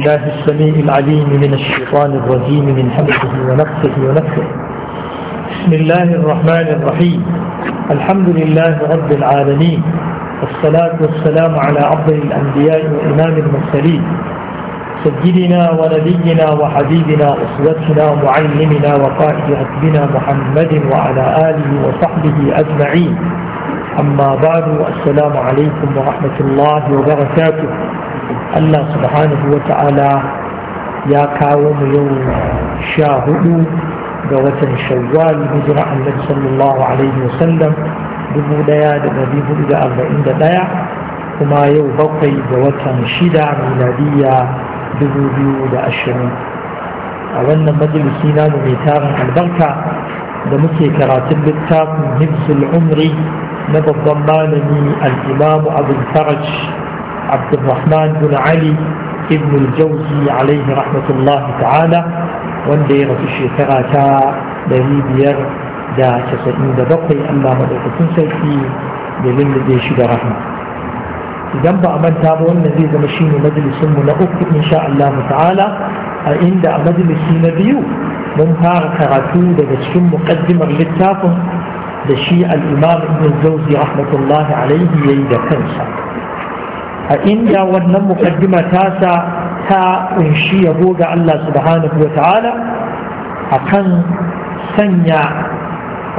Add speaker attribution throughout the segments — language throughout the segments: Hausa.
Speaker 1: الله السميع العليم من الشيطان الرجيم من حمده ونفسه ونفسه بسم الله الرحمن الرحيم الحمد لله رب العالمين والصلاة والسلام على عبد الأنبياء وإمام المرسلين سيدنا ونبينا وحبيبنا أسوتنا ومعلمنا وقائد أتبنا محمد وعلى آله وصحبه أجمعين أما بعد السلام عليكم ورحمة الله وبركاته Allah subhanahu wa ta'ala ya kawo mu yau sha hudu ga watan shawwal hijira annabi sallallahu alaihi wa sallam dubu daya da dari hudu da arba'in da daya kuma yau bakwai ga watan shida miladiya dubu biyu da ashirin a wannan majalisi mu mai tarin albarka da muke karatun littafin hibsul umri na babban malami al-imamu abul faraj عبد bin Ali علي ابن الجوزي عليه رحمة wanda ya rasu shekara ta ɗari biyar da casa'in da bakwai allah maɗaukakin sarki da lullube shi da idan ba a manta ba wannan zai gama shi ne majalisinmu na uku insha allah ta'ala a inda a majalisi na biyu mun fara karatu daga cikin muƙaddimar littafin da shi al'imam ibn zauzi rahmatullahi alaihi ya da kansa a inda wannan mukaddima tasa ta kunshi yabo ga Allah subhanahu wa ta'ala akan sanya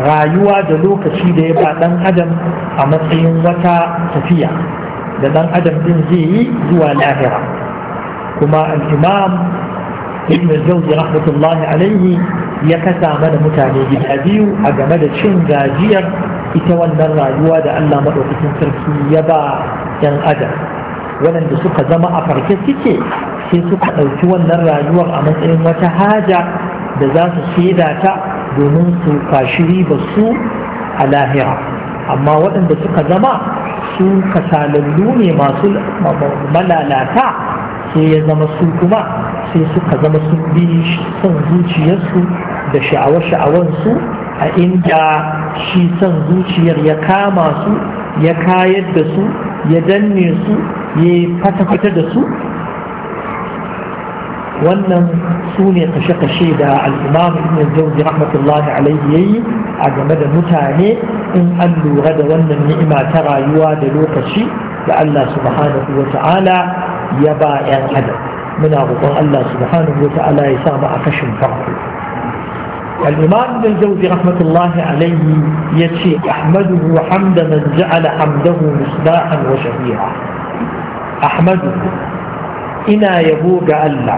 Speaker 1: rayuwa da lokaci da ya ba ɗan adam a matsayin wata tafiya da ɗan adam ɗin zai yi zuwa lahira kuma al-imam ibn rahmatullahi alaihi ya kasa mana mutane gida biyu a game da cin gajiyar ita wannan rayuwa da Allah maɗaukakin sarki ya ba 'yan adam waɗanda suka zama a farke suke sai suka ɗauki wannan rayuwar a matsayin wata haja da za su shaida ta domin su kwashi riba su a lahira amma waɗanda suka zama su kasalallu ne masu malalata sai ya zama su kuma sai suka zama sun bi son zuciyarsu da sha'awar-sha'awansu a inda shi son zuciyar ya kama su ya kayar da su ya danne su ya fata-fata da su wannan su ne kashe-kashe da al'imam ibn jauzi rahmatullahi alaihi yayi a game da mutane in an lura da wannan ni'ima ta rayuwa da lokaci da Allah subhanahu wa ta'ala ya ba 'yan adam muna roƙon Allah subhanahu wa ta'ala ya samu a kashin farko الإمام ابن الجوزي رحمة الله عليه يشي أحمده حمد من جعل حمده مصباحا وشهيرا أحمده إنا يبوغ ألا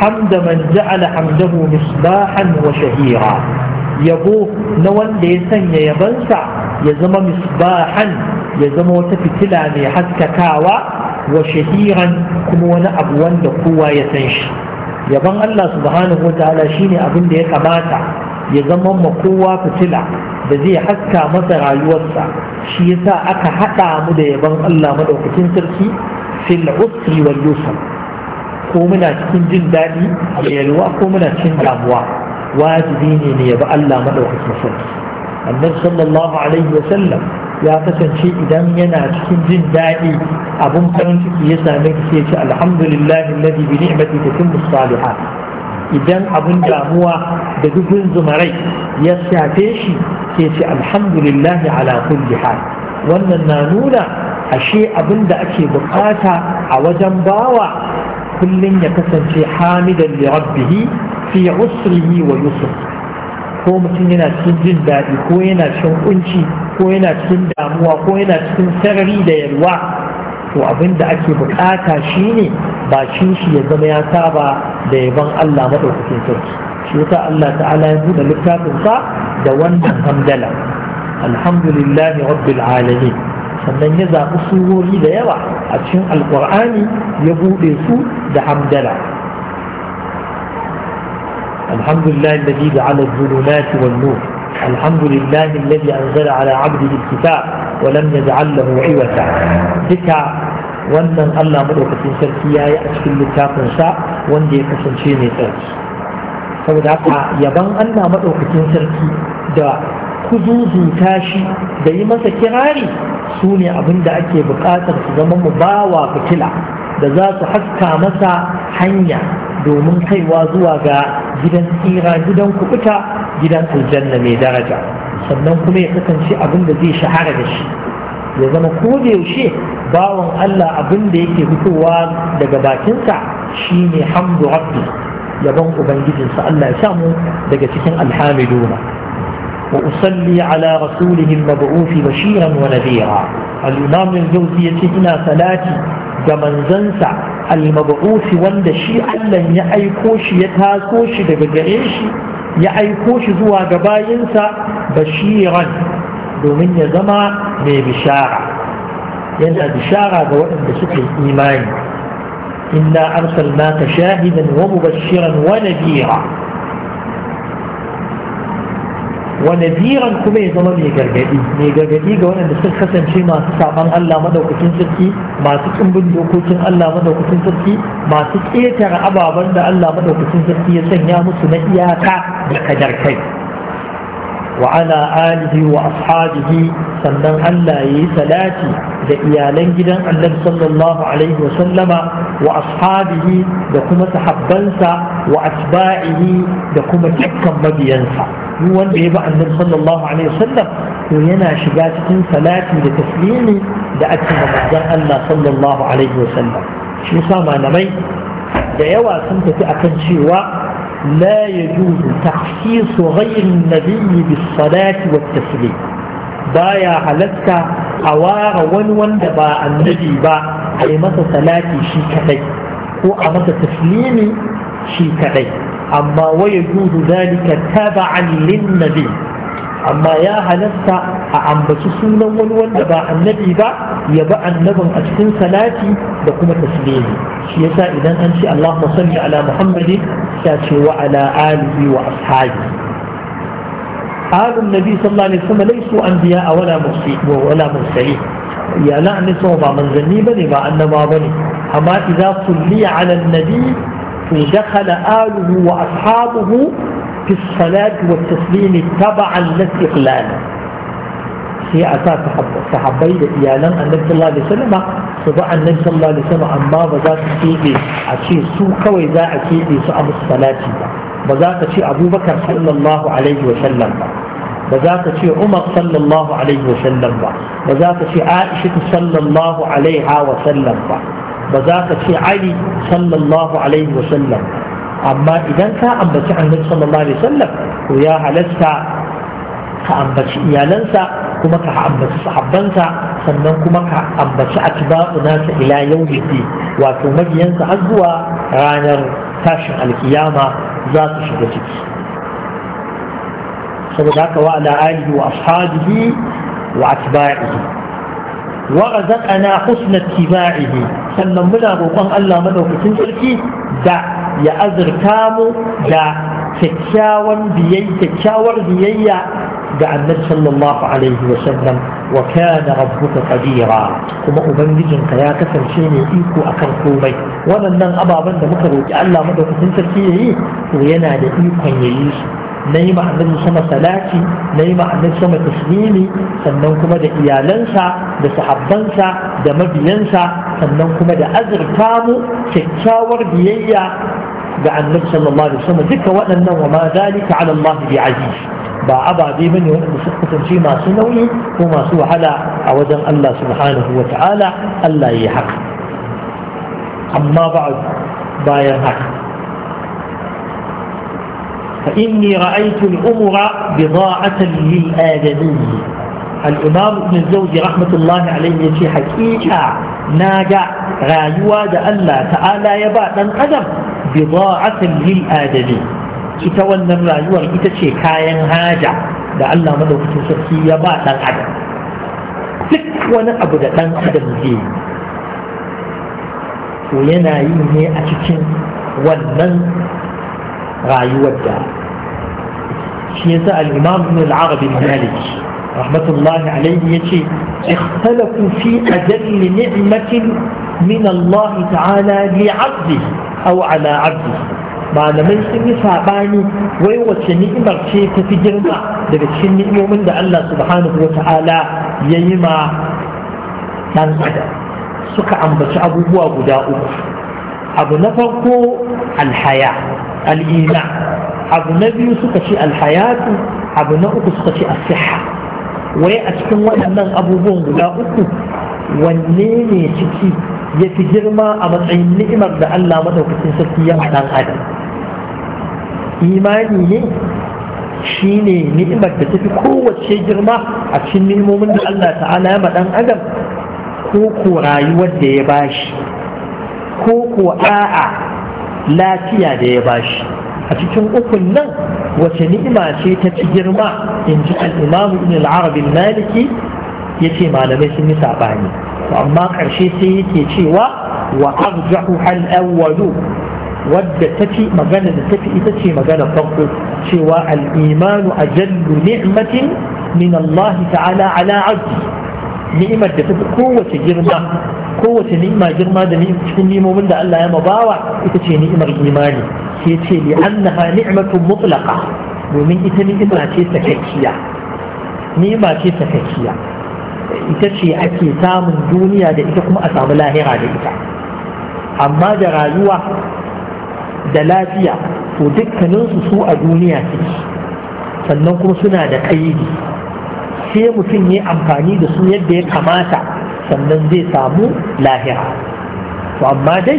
Speaker 1: حمد من جعل حمده مصباحا وشهيرا يبوغ نوان ليسن يبنسع يزم مصباحا يزم وتفتلا حتى كاوى وشهيرا كم وانا أبوان لقوة يسنشي yaban Allah subhanahu ta'ala shine abin da ya kamata ya zama ma kowa fitila da zai haska masa rayuwarsa shi yasa aka haɗa mu da yaban Allah madaukakin sarki fil usri wal yusr ko muna cikin jin daɗi da yalwa ko muna cikin damuwa wajibi ne ne yaba Allah madaukakin sarki annabi sallallahu alaihi wa sallam ya kasance idan yana cikin jin daɗi abun farin ciki ya same ki sai ce alhamdulillah alladhi bi ni'mati tatimmu salihat idan abun damuwa da dubin zumarai ya shafe shi sai ce alhamdulillah ala kulli hal wannan na nuna ashe abin da ake bukata a wajen bawa kullum ya kasance hamidan li rabbihi fi usrihi wa yusr ko mutum yana cikin jin daɗi ko yana cikin kunci ko yana cikin damuwa ko yana cikin sarari da yalwa to abin da ake bukata shine bakin shi ya zama ya saba da yaban Allah madaukakin sarki shi yasa Allah ta'ala ya buɗe littafin sa da wannan hamdala alhamdulillahi rabbil alamin sannan ya zaɓi surori da yawa a cikin alƙur'ani ya buɗe su da hamdala الحمد لله الذي جعل الظلمات والنور الحمد لله الذي أنزل على عبده الكتاب ولم يجعل له عوجا ذكى wannan Allah maɗaukacin sarki ya yi a cikin littafinsa wanda ya kasance mai sarki. saboda haka yaban Allah maɗaukacin sarki da kuzuzuta shi da yi masa kirari su ne abin da ake buƙatar su zama mu bawa fitila da za su haska masa hanya domin kaiwa zuwa ga gidan tsira gidan kubuta gidan aljanna mai daraja sannan kuma ya kasance abin da zai shahara da shi ya zama ko da yaushe bawan Allah abin da yake fitowa daga bakinsa shine hamdu rabbi yabon ubangijinsa Allah ya samu daga cikin alhamiduna وأصلي على رسوله المبعوث بشيرا ونذيرا الإمام ل إ م ا م هنا ثلاث زمن زنسع المبعوث وند شيء ا ل ن ي ع ي يتها كوشي بغريشي ي ع ي كوشي بشيرا دومن يزمع ز م ا من بشارع ينزع بشارع بوئن بسكر ا ل ارسلناك شاهدا ومبشرا ونذيرا wani ziran kuma ya zama mai gargadi mai gargadi ga waɗanda suka kasance masu saban Allah madaukakin sarki masu tsimbin dokokin Allah madaukakin sarki masu ƙetare ababen da Allah madaukakin sarki ya sanya musu na iyaka da kadar kai wa ala alihi wa ashabihi sannan Allah ya yi salati da iyalan gidan annabi sallallahu alaihi wa sallama wa ashabihi da kuma sahabbansa wa asba'ihi da kuma dukkan mabiyansa duk wanda ya bi annabi sallallahu alaihi wasallam to yana shiga cikin salati da taslimi da ake da manzon Allah sallallahu alaihi wasallam shi yasa malamai da yawa sun tafi a kan cewa la yajuzu takhsis ghayr an-nabi bis-salati wat-taslim baya halatta a ware wani wanda ba nadi ba a yi masa salati shi kaɗai ko a masa taslimi shi kaɗai. amma waya judu zalika taba'an lin nabi amma ya halatta a ambaci sunan wani wanda ba annabi ba ya ba annabin a cikin salati da kuma taslimi shi yasa idan an ce Allahumma salli ala Muhammadin ya ce wa ala alihi wa ashabi alun nabi sallallahu alaihi wasallam laysu anbiya wala mursalin wala mursalin ya la annabi ba manzanni bane ba annaba bane amma idza kulliya ala nabi دخل آله وأصحابه في الصلاة والتسليم تبعا لاستقلالا sai a sa sahabbai da iyalan annabi sallallahu alaihi wasallam su ba annabi sallallahu alaihi wasallam amma ba za su kebe a ce su kawai za a kebe su a musu salati ba ba za ka ce abubakar sallallahu alaihi wasallam ba ba za ka ce umar sallallahu alaihi wasallam ba ba za ka ce aisha ba ba za ka ce ali sallallahu alaihi wasallam amma idan ka ambaci annabi sallallahu alaihi wasallam to ya halasta ka ambaci iyalansa kuma ka ambaci sahabbansa sannan kuma ka ambaci atba'u nasa ila yawmiddin wato mabiyansa har zuwa ranar tashin alkiyama za su shiga ciki saboda haka wa ala alihi wa ashabihi wa atba'ihi ورزقنا حسن اتباعه sannan muna roƙon Allah madaukakin sarki da ya azurta mu da kyakkyawan biyayya kyakkyawar biyayya ga annabi sallallahu alaihi wa sallam wa kana rabbuka qadira kuma ubangijinka ya kasance ne iko akan komai waɗannan ababen da muka roƙi Allah madaukakin sarki yayi to yana da ikon yayi su na yi ma'anin sama salati na yi ma'anin sama taslimi sannan kuma da iyalansa da sahabbansa da mabiyansa sannan kuma da azurta mu kyakkyawar biyayya ga annabi sallallahu alaihi wasallam duka waɗannan wa ma zalika ala Allah bi aziz ba ababe bane wanda suka kasance masu nauyi ko masu wahala a wajen Allah subhanahu wa ta'ala Allah ya haka amma ba bayan haka فإني رأيت الأمر بضاعة للآدمي الإمام ابن الزوج رحمة الله عليه ga حقيقة ناجع Allah Ta'ala ya تعالى يبا adam أدم بضاعة للآدمي ita wannan rayuwar ita ce kayan haja da Allah madaukakin sarki ya ba dan adam duk wani abu da dan adam zai yana yi ne a cikin wannan rayuwar da shi yasa al-imam ibn al-arab al rahmatullahi alayhi yace ikhtalafu fi ajall ni'matin min Allah ta'ala li 'abdi aw 'ala 'abdi malamai sun yi sabani wai wace ni'imar ce ta fi girma daga cikin ni'imomin da Allah subhanahu wa ta'ala ya yi ma dan adam suka ambaci abubuwa guda uku abu na farko alhaya al'ina abu na biyu suka ce alhayatu abu na uku suka ce asiha wai a cikin waɗannan abubuwan guda uku wanne ne ciki ya fi girma a matsayin ni'imar da Allah maɗaukacin sarki ya ɗan adam imani ne shi ne ni'imar da fi kowace girma a cikin ni'imomin da Allah ta'ala ya maɗan adam ko ko rayuwar da ya bashi ko ko a'a lafiya da ya bashi a cikin ukun nan wace ni'ima ce ta ci girma in ji al'imamu ibn al-arabi maliki ya ce malamai sun yi saɓani amma ƙarshe sai yake cewa wa arjahu hal awwalu wadda ta ci magana da ta fi ita ce magana farko cewa al-imanu ajallu ni'matin min Allah ta'ala ala abdi ni'imar da tafi kowace girma kowace ni'ima girma da cikin ni'imomin da Allah ya mabawa ita ce ni'imar imani Ke ce li annaha ni'matun mutlaqa domin ita ni'ima ce sakakkiya ni'ima ce sakakkiya ita ce ake samun duniya da ita kuma a samu lahira da ita amma da rayuwa da lafiya to dukkaninsu su a duniya suke sannan kuma suna da kaidi sai mutum ya amfani da su yadda ya kamata sannan zai samu lahira to amma dai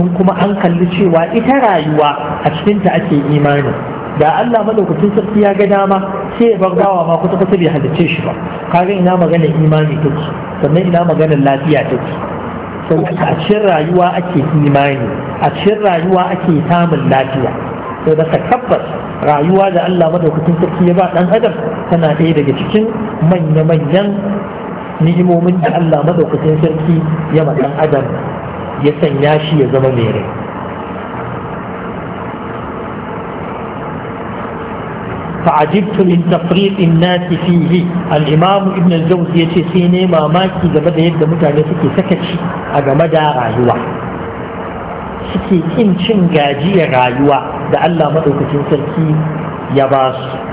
Speaker 1: in kuma an kalli cewa ita rayuwa a cikinta ake imani da Allah madaukakin sarki ya ga dama sai ya dawa ma kusa kusa bai halicce shi ba kaga ina maganar imani take sannan ina maganar lafiya take saboda a cikin rayuwa ake imani a cikin rayuwa ake samun lafiya to da tabbas rayuwa da Allah madaukakin sarki ya ba dan adam tana ɗaya daga cikin manya-manyan ni'imomin da Allah madaukakin sarki ya maɗan adam ya sanya shi ya zama mai rai فعجبت من تفريط الناس فيه Ibn ابن الجوزي يشي sai ne mamaki game da yadda mutane suke sakaci a game da rayuwa suke kin cin gajiyar rayuwa da Allah madaukakin sarki ya ba su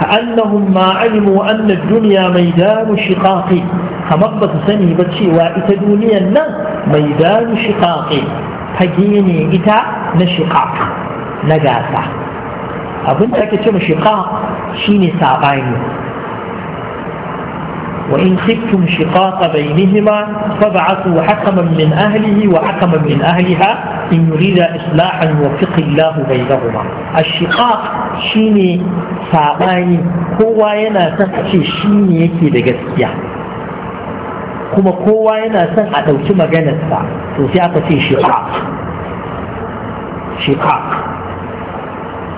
Speaker 1: كأنهم ما علموا أن الدنيا ميدان شقاق كمبة سني بتشي وإتا دنيا ميدان شقاق فجيني إتا نشقاق نجاسة أبنتك تشم شقاق شيني سابعني وإن خفتم شقاق بينهما فابعثوا حكما من أهله وحكما من أهلها إن يريد إصلاحا يوفق الله بينهما الشقاق شيني ساباني هو ينا تسكي شيني يكي لغسيا كما هو yana son a ɗauki maganarsa to sai شقاق ce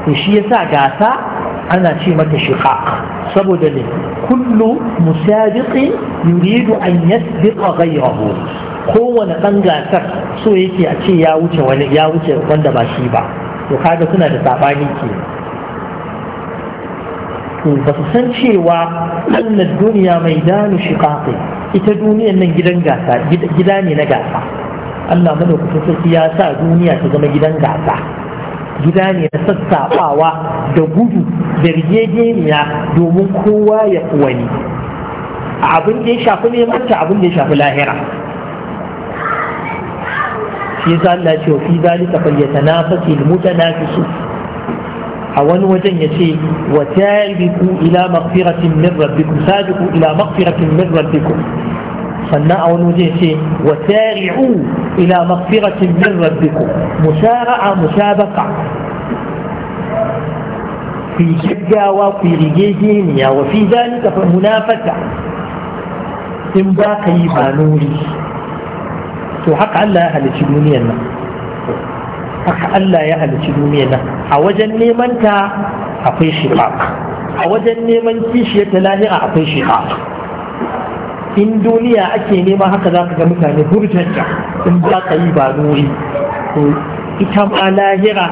Speaker 1: to shi yasa gasa ana ce mata shiqaq saboda ne kullu musabiqin yuridu an yasbiqa ghayrahu kowane ɗan gasar so yake a ce ya wuce wani ya wuce wanda ba shi ba to kaga suna da sabani ke to ba su san cewa annad duniya mai danu shiqaqi ita duniyan nan gidan gasa gida ne na gasa Allah madaukakin sarki ya sa duniya ta zama gidan gasa gida ne na sassaɓawa da gudu da rigegeniya domin kowa ya wani abin da ya shafi neman ta abin da ya shafi lahira shi yasa Allah ya ce wa fi na fi mutanafisun a wani wajen ya ce wa tabiku ila maghfiratin min rabbikum sabiqu ila maghfiratin min rabbikum sannan a wani wajen ya ce wa tari'u إلى مغفرة من ربكم مسارعة مسابقة في شقة وفي رجيجينيا وفي ذلك فمنافسة إن باقي ما نوري ان لا أهل انا حق ان لا أهل انا أوجن منك اعطي شقاق أوجن منك شيء تلاهي اعطي شقاق in duniya ake nema haka za ka ga mutane burtanta in za ka yi ba nuri ita ma lahira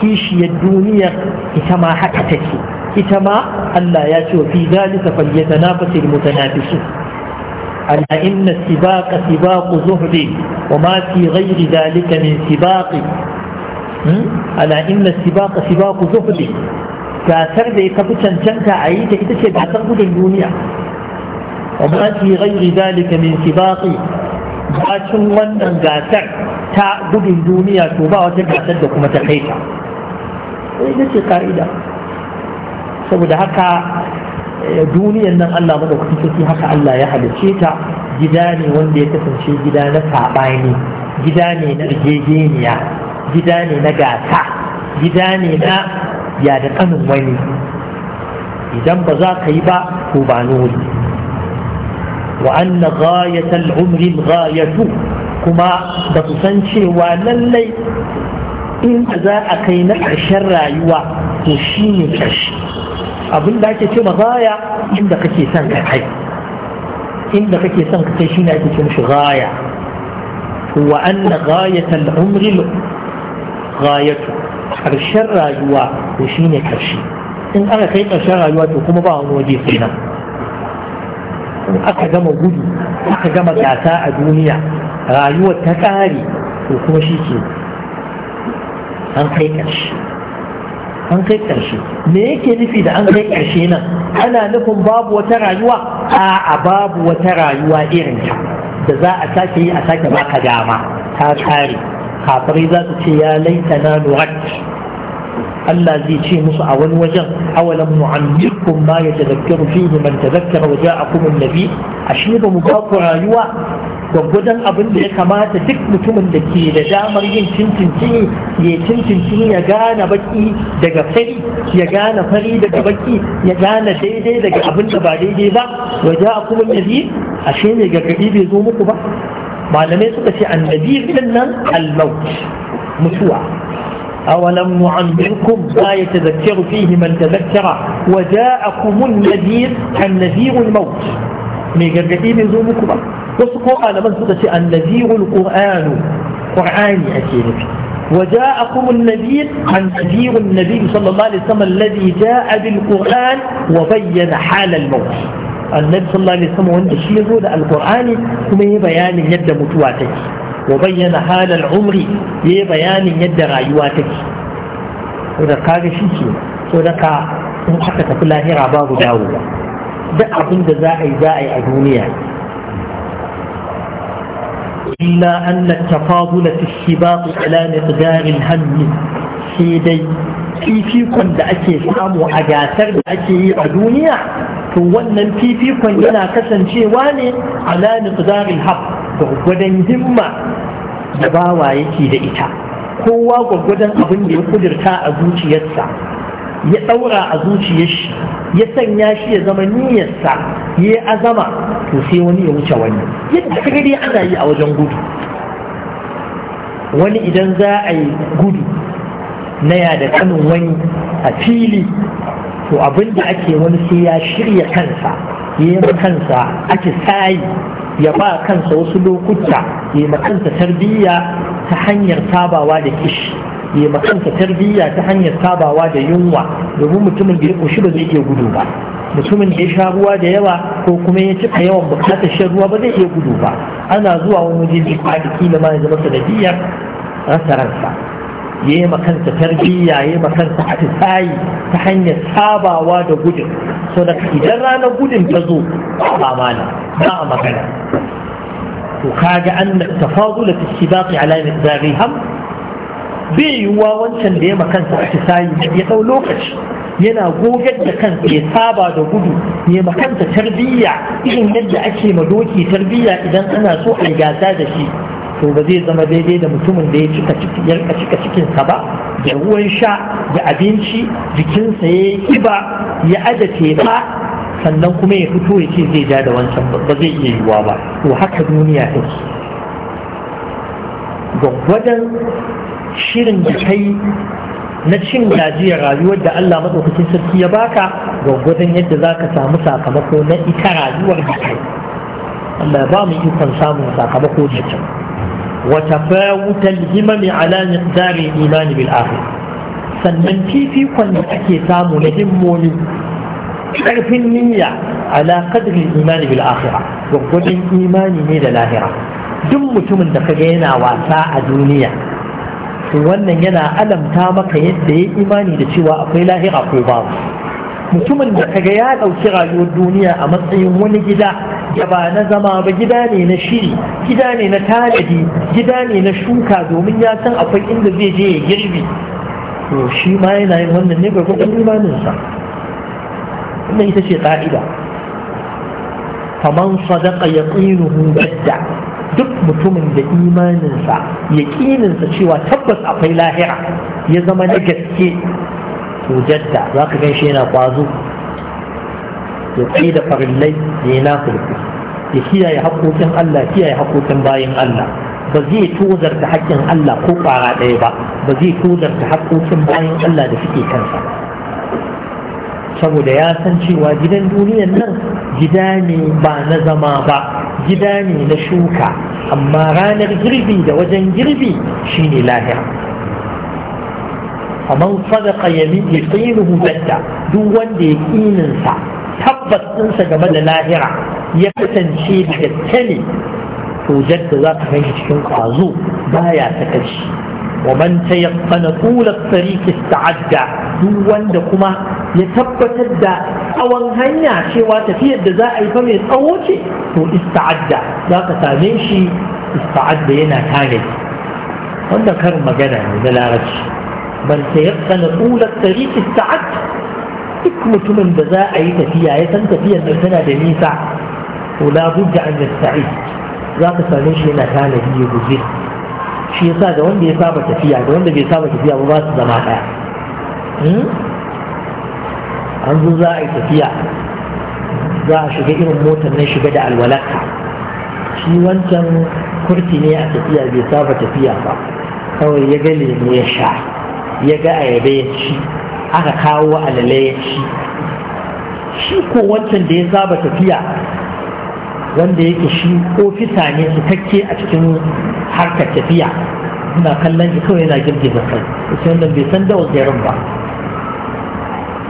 Speaker 1: kishiyar duniyar ita ma haka take ita ma Allah ya ce wa fi zalika falyatanafasul mutanafisun ألا إن السباق سباق زهد وما في غير ذلك من سباق ألا إن السباق سباق زهد gasar da ya kafi cancanta a yi ta ita ce gasar gudun duniya وما في غير ذلك من سباق باشن wannan gasar ta gudun duniya to ba wata gasar da kuma ta kai ta sai nace ka'ida saboda haka duniyan nan Allah madaukakin sarki haka Allah ya halice ta gida ne wanda ya kasance gida na saɓani gida ne na rigegeniya gida ne na gasa gida ne na ya da kanin wani idan ba za ka yi ba ko ba nuri وأن غاية العمر الغاية كما بتسنشي وللي إن ذا أكينا عشر رايوة وشيني كش أبن لا تتم غاية عندك كي سنك حي عندك كي سنك تشيني تتمش غاية وأن غاية العمر غاية عشر رايوة وشيني كشي in aka kai ƙarshen rayuwa to kuma ba wani waje sai nan aka gama gudu aka gama gasa a duniya rayuwar ta ƙare to kuma shi ke an kai ƙarshe an kai ƙarshe me yake nufi da an kai ƙarshe nan ana nufin babu wata rayuwa a babu wata rayuwa irin ta da za a sake yi a sake baka dama ta ƙare kafirai za su ce ya laita na nurat Allah zai ce musu a wani wajen awalam nu'ammirkum ma yatadhakkaru fihi man tadhakkara wa ja'akum an-nabi ashe ba mu ba ku rayuwa gwaggwadon abin da ya kamata duk mutumin da ke da damar yin cincin ya cincin ya gane baki daga fari ya gane fari daga baki ya gane daidai daga abin da ba daidai ba wa ja'akum an-nabi ashe ne gargadi bai zo muku ba malamai suka ce annabi din nan al-maut mutuwa أولم نعمركم ما يتذكر فيه من تذكر وجاءكم النذير النذير الموت من يزوم كبر وسقوا على من سقط النذير القرآن قرآن أكيد وجاءكم النذير النذير النبي صلى الله عليه وسلم الذي جاء بالقرآن وبين حال الموت النبي صلى الله عليه وسلم وانت شيء القرآن وما هي بيان يد متواتك wa bayyana halal umri ya yi bayanin yadda rayuwa take so da ke so da in aka tafi lahira babu dawowa duk abin da za a yi za a yi a duniya ku أن التفاضل في hannu على dai. الهم سيدي ake samu a gasar da ake yi a duniya? to wannan fifikon yana kasancewa ne ala miqdaril haq gwadan himma da bawa yake da ita kowa gwaggwadon abin da ya kudirta a zuciyarsa ya daura a zuciyar shi ya sanya shi ya zama niyyarsa ya azama to sai wani ya wuce wani yadda kaga dai ana yi a wajen gudu wani idan za a yi gudu na ya da kanin wani a fili to da ake wani sai ya shirya kansa ya yi kansa ake sayi ya ba kansa wasu lokuta ya ma kansa tarbiyya ta hanyar tabawa da kishi ya ma kansa tarbiyya ta hanyar tabawa da yunwa domin mutumin da ya koshi ba zai iya gudu ba mutumin da ya sha ruwa da yawa ko kuma ya cika yawan bukatar shan ruwa ba zai iya gudu ba ana zuwa wani waje zai faɗi kila ma ya zama sanadiyar rasa ransa ya yi makanta tarbiyya ya yi makanta atisayi ta hanyar sabawa da gudun so da idan ranar gudun ta zo ba mana ba a magana to kaga an tafadula ta shi baƙi alamin zari ham bai yiwuwa wancan da ya makanta atisayi ya ɗau lokaci yana gogar da kansa ya saba da gudu ya makanta tarbiyya irin yadda ake ma doki tarbiyya idan ana so a gasa da shi to ba zai zama daidai da mutumin da ya cika cika cikinsa ba da ruwan sha da abinci jikinsa ya yi kiba ya aje ba. sannan kuma ya fito ya ce zai ja da wancan ba zai iya yiwuwa ba to haka duniya take gwaggwadon shirin da kai na cin gajiyar rayuwar da Allah maɗaukakin sarki ya baka gwaggwadon yadda za ka samu sakamako na ita rayuwar da kai Allah ba mu ikon samun sakamako da can. وتفاوت الهمم على مقدار الإيمان بالآخر sannan fifikon da ake samu na himmoni ƙarfin niyya ala qadrin imani bil akhira gwaggwadon imani ne da lahira duk mutumin da kaga yana wasa a duniya to wannan yana alamta maka yadda ya imani da cewa akwai lahira ko babu mutumin da kaga ya ɗauki rayuwar duniya a matsayin wani gida ya ba na zama ba gida ne na shiri gida ne na tanadi gida ne na shuka domin ya san akwai inda zai je ya girbi to shi ma yana yin wannan ne gwargwadon imaninsa wannan ita ce ƙa'ida faman sadaka ya tsinuhu duk mutumin da imaninsa ya ƙininsa cewa tabbas akwai lahira ya zama na gaske to jadda za ka gan shi yana ƙwazo ya tsaye da farillai ne na nafilfi ya kiyaye haƙoƙin Allah kiyaye haƙoƙin bayan Allah ba zai tozarta haƙƙin Allah ko ƙwara ɗaya ba ba zai tozarta haƙoƙin bayan Allah da suke kansa saboda ya san cewa gidan duniyan nan gida ne ba na zama ba gida ne na shuka amma ranar girbi da wajen girbi shine lahira kamar sadaka yamihi qinuhu batta duk wanda ya kininsa tabbas ɗinsa game da lahira ya kasance da gaske to jadda za ka ganshi cikin kwazo baya ta kashi wa man tayaqqana tula tariq ista'adda duk wanda kuma ya tabbatar da tsawon hanya cewa tafiyar da za a yi fa mai tsawo ce to ista'adda za ka same shi ista'adda yana tanadi wanda karin magana ne da larabci man tayaqqana tula tariq ista'adda duk mutumin da za a yi tafiya ya san tafiyar da tana da nisa Kula la budda an yasta'i za ka same shi yana tanadi ya guje shi yasa da wanda ya saba tafiya da wanda bai saba tafiya ba ba su zama daya hmm? an zo za a yi tafiya za a shiga irin motar nan shiga da alwalaka shi wancan kurti ne a tafiya bai saba tafiya ba kawai ya ga lemu ya sha ya ga ayaba ya ci aka kawo alale ya shi ko wancan da ya saba tafiya wanda yake shi ofisa ne su takke a cikin harkar tafiya ina kallon shi kawai yana da kai sai wanda bai san da garin ba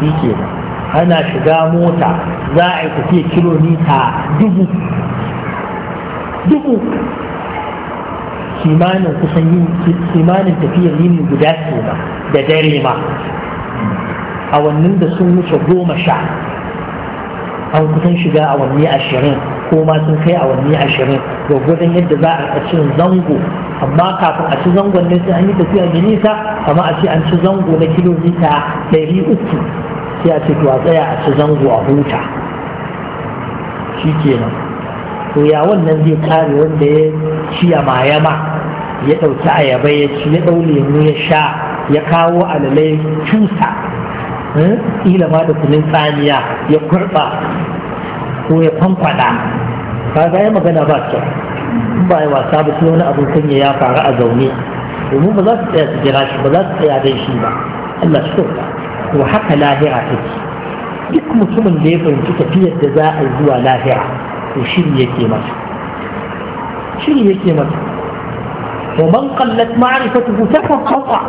Speaker 1: shi ke ana shiga mota za a yi tafiya kilomita dubu dubu kimanin kusan yin kimanin tafiyar yini guda ce da dare ma awannin da sun wuce goma sha an kusan shiga awanni ashirin ko ma sun kai awanni ashirin gwaggwadon yadda za a ci zango amma kafin a ci zangon ne sai an yi tafiya da nisa amma a ce an ci zango na kilomita ɗari uku sai a ce a tsaya a ci zango a huta shi kenan to ya wannan zai kare wanda ya ci a mayama ya ɗauki ayaba ya ci ya ɗau lemu ya sha ya kawo alalai cusa kila ma da kunin tsamiya ya kurɓa ko ya fanfada kaga ya magana ba kyau in ba ya wasa ba sai wani abin kunya ya faru a zaune domin ba za su tsaya su jira shi ba za su tsaya dai shi ba Allah shi kyauta to haka lahira take duk mutumin da ya fahimci tafiyar da za a zuwa lahira to shiri yake masa shiri yake masa ومن قلت معرفته فقد خطأ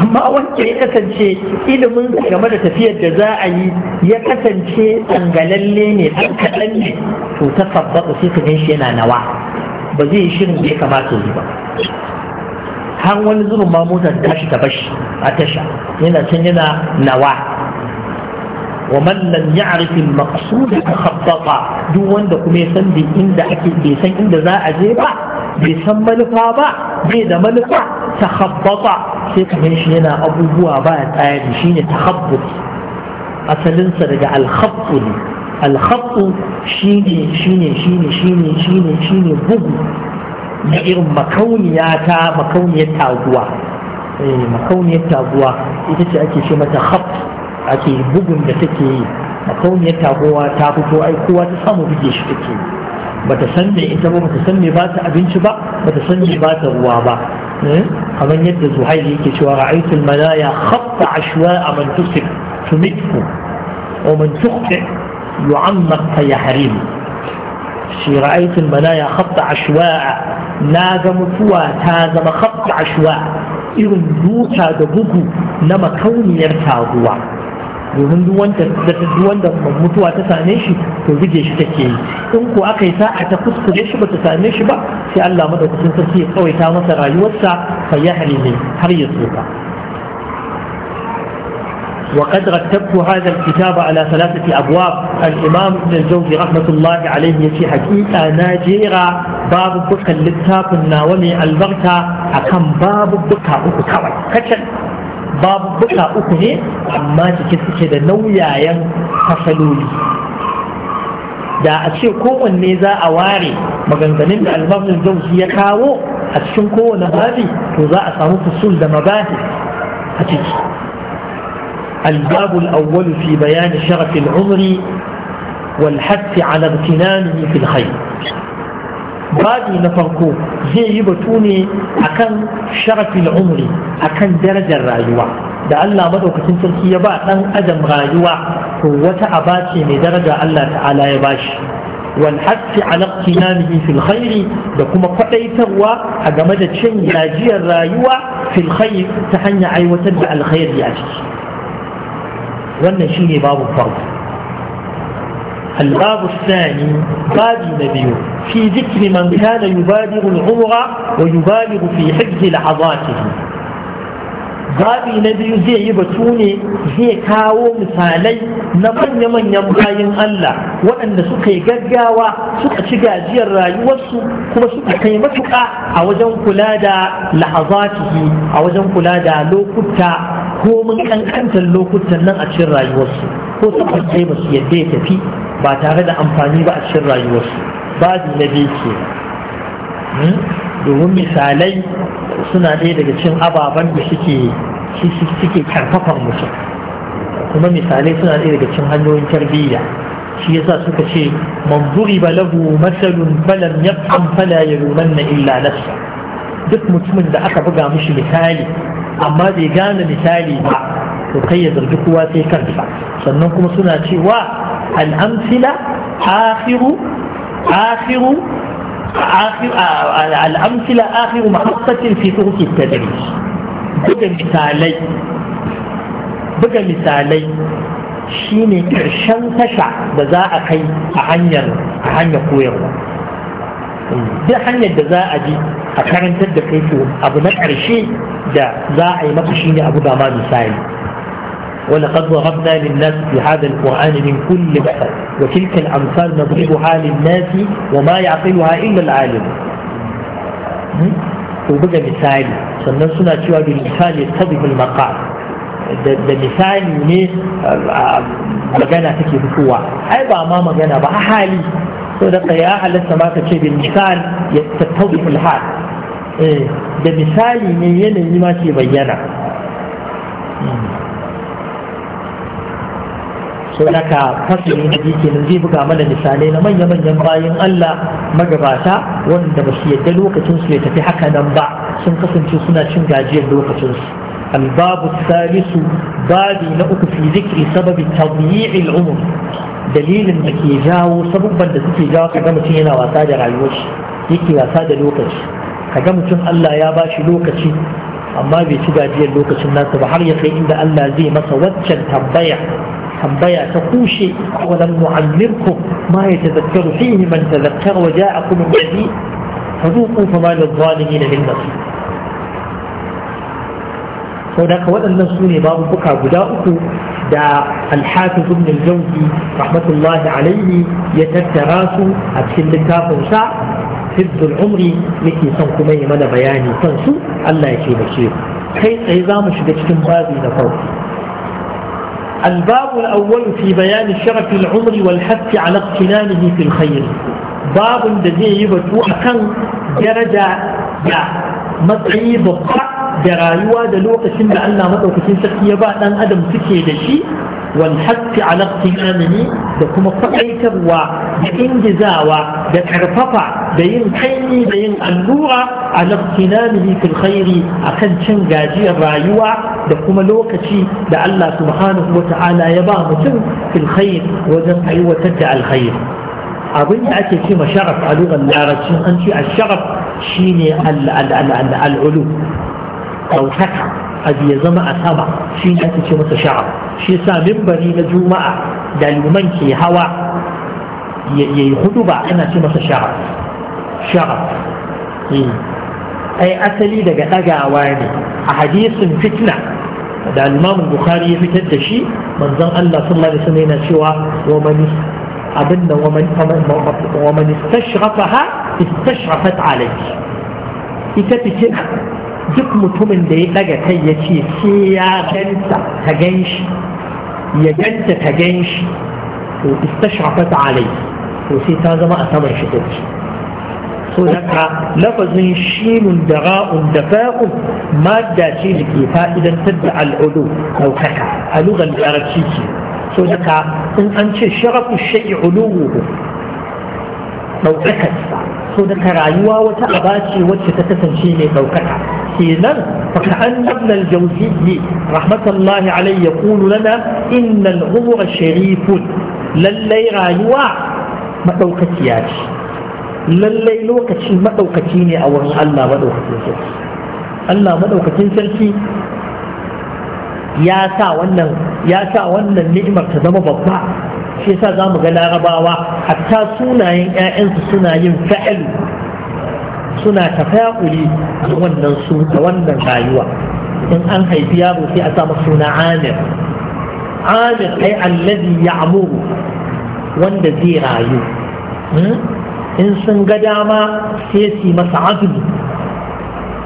Speaker 1: amma wanda ya kasance ilimin game da tafiyar da za a yi ya kasance tsangalalle ne ɗan kaɗan ne to ta sai ka ganshi yana nawa ba zai yi shirin da ya kamata yi ba har wani zubin ma motar tashi ta bashi a tasha yana can yana nawa ومن لم يعرف المقصود تخبط duk wanda kuma ya san inda ake bai san inda za a je ba bai san manufa ba bai da manufa ta habbata sai ka gan shi yana abubuwa ba ya Shi ne ta habbut asalinsa daga alhabbu ne alhabbu shi ne-shi ne-shi ne bugu na irin makauniya ta makauniyar taguwa eh, makauniyar taguwa ita ce ake ce mata hab ake bugun da take yi makauniyar taguwa ta fito ai kowa ta samu buge shi take yi bata san me ita ba bata san me ba ta abinci ba bata san me ba ta ruwa ba kamar yadda zuhair yake cewa ra'aytul malaya khatta ashwa'a man tusib tumitku wa man tuqti yu'ammak fa yahrim shi ra'aytul malaya khatta ashwa'a na ga mutuwa ta zama khatta ashwa'a irin duka da bugu na makauniyar taguwa domin wanda mutuwa ta same shi to zige shi take yi in ko aka yi sa'a ta kuskure shi ba ta same shi ba sai Allah madaukakin sarki kawai ta masa rayuwarsa fa ya har ya tsoka wa qad rattabtu hadha al-kitab ala thalathati abwab al-imam ibn al-jawzi rahmatullahi alayhi yace haqiqa na jera babu bukan littafin nawa ne albarta akan babu buka uku kawai babuka uku ne amma cike suke da nauyayen fasaloli da a ce kowanne za a ware maganganun da albamun zauji ya kawo a cikin kowane babi to za a samu fusul da mabahi a ciki الباب الأول في بيان شرف العمر والحث على اغتنامه في الخير babi na farko zai yi batu ne akan sharafin umri akan darajar rayuwa da Allah madaukakin sarki ya ba dan adam rayuwa to wata aba ce mai daraja Allah ta'ala ya bashi wal hatti ala iqtinamihi fil khairi da kuma kwadaitarwa a game da cin yajiyar rayuwa fil khair ta hanya aiwatar da alkhairi a ciki wannan shine babu farko الباب الثاني باب نبيه في na من كان يبالغ العمر ويبالغ في حفظ لحظاته babi na biyu zai yi batu ne zai kawo misalai na manya-manyan bayan Allah waɗanda suka yi gaggawa suka ci gajiyar rayuwarsu kuma suka kai matuƙa a wajen kula da lahazatihi a wajen kula da lokuta komin kankantar lokutan nan a cikin rayuwarsu ko su kai ba su yadda ya tafi ba tare da amfani ba a cikin rayuwarsu babu na biyu ke hmm? domin misalai suna ɗaya daga cikin ababen da suke suke karfafan mutum kuma misalai suna ɗaya daga cikin hanyoyin tarbiyya shi yasa suka ce man ba lahu masalun falam yaqam fala yalumanna illa nafsa duk mutumin da aka buga mishi misali amma bai gane misali ba to kai ya zargi kowa sai kansa sannan kuma suna cewa al'amsila akhiru akhiru al'amsila akhiru mahaffacin fi turki tadris buga misalai buga misalai shine karshen tasha da za a kai a hanyar koyarwa duk hanyar da za a bi a karantar da kai abu na ƙarshe da za a yi maka shine abu ba ma misali ولقد ضربنا للناس في هذا القرآن من كل مثل وتلك الأمثال نضربها للناس وما يعقلها إلا العالم وبقى مثال sannan suna cewa bil misali tadib al maqal da misali ne magana take fitowa ai ba ma magana ba hali so da ya halatta ma ka ce bil misal ya tattabi fil eh, da misali ne yanayi ma ke bayyana Sau da ka fasirin hadisi kenan zai buga mana misalai na manya-manyan bayan Allah magabata wanda ba su yadda lokacin su ya tafi haka nan ba sun kasance suna cin gajiyar lokacin su Salisu babi na uku في ذكر sababi تضييع العمر dalilin da ke jawo sabubban da suke jawo kaga mutum yana wasa da rayuwar shi yake wasa da lokaci kaga mutum Allah ya ba shi lokaci amma bai ci gajiyar lokacin nasa ba har ya kai inda Allah zai masa waccan tambaya tambaya ta kushe walam nu'ammirkum ma yatadhakkaru fihi man tadhakkara wa ja'akum an-nabi fadhuqu fama lidh-dhalimin min nasir saboda ka waɗannan su ne babu buka guda uku دا الحافظ ابن الجوزي رحمة الله عليه يتتراس أبسل لكاف وسع حفظ العمر لكي يكي سنكمي من بياني تنسو الله يشير مشير حيث عظام شدتكم بابي نفوت الباب الأول في بيان شرف العمر والحث على اقتنامه في الخير باب دزي يبتو أكن درجة دا مدعي da rayuwa da lokacin da Allah maɗaukacin sarki ya ba ɗan adam suke da shi wal haqqi ala amini da kuma faɗaitarwa da ingizawa da karfafa da yin kaini da yin allura ala amini fil khairi akan cin gajiyar rayuwa da kuma lokaci da Allah subhanahu wa ta'ala ya ba mutum fil khair wajen aiwatar da alkhair abin da ake ce ma sharaf a lugar larabci an ce a sharaf shine al'ulu ɗaukaka a ya zama a sama shi ne ake ce masa sha'ar shi sa mimbari na juma'a da liman ke hawa ya yi hudu ba ana ce masa sha'ar sha'ar eh. ai asali daga ɗagawa ne a hadisin fitna da al bukhari ya fitar da shi manzon Allah sallallahu alaihi wasallam yana cewa wa man abin da wa man istashrafaha istashrafat alayhi ita fitina duk mutumin da ya daga kai ya ce sai ya ganta ta gan shi ya ganta ta gan shi to istashafat alai to sai ta zama a saman shi dace so daga lafazin shinun da ra'un da fa'un madda ce da ke fa'idantar da al'udu ɗaukaka a lugar yarci ce so daga in an ce sharafu shai'i uluwuhu ɗaukakarsa so daga rayuwa wata aba ce wacce ta kasance mai daukaka kenan فكأن ابن الجوزي رحمة الله عليه يقول لنا إن العمر شريف للي رايوا ما توقتياش للي لوقت ما توقتيني أو الله ما توقتيني Allah maɗaukacin sarki ya sa wannan ya sa wannan ni'imar ta zama babba shi yasa zamu ga larabawa hatta sunayen ƴaƴansu suna yin fa'il suna tafa'uli da wannan su wannan rayuwa in an haifi yaro sai a samu suna amir amir ai allazi ya'muru wanda zai rayu hmm? in sun ga dama sai su masa azumi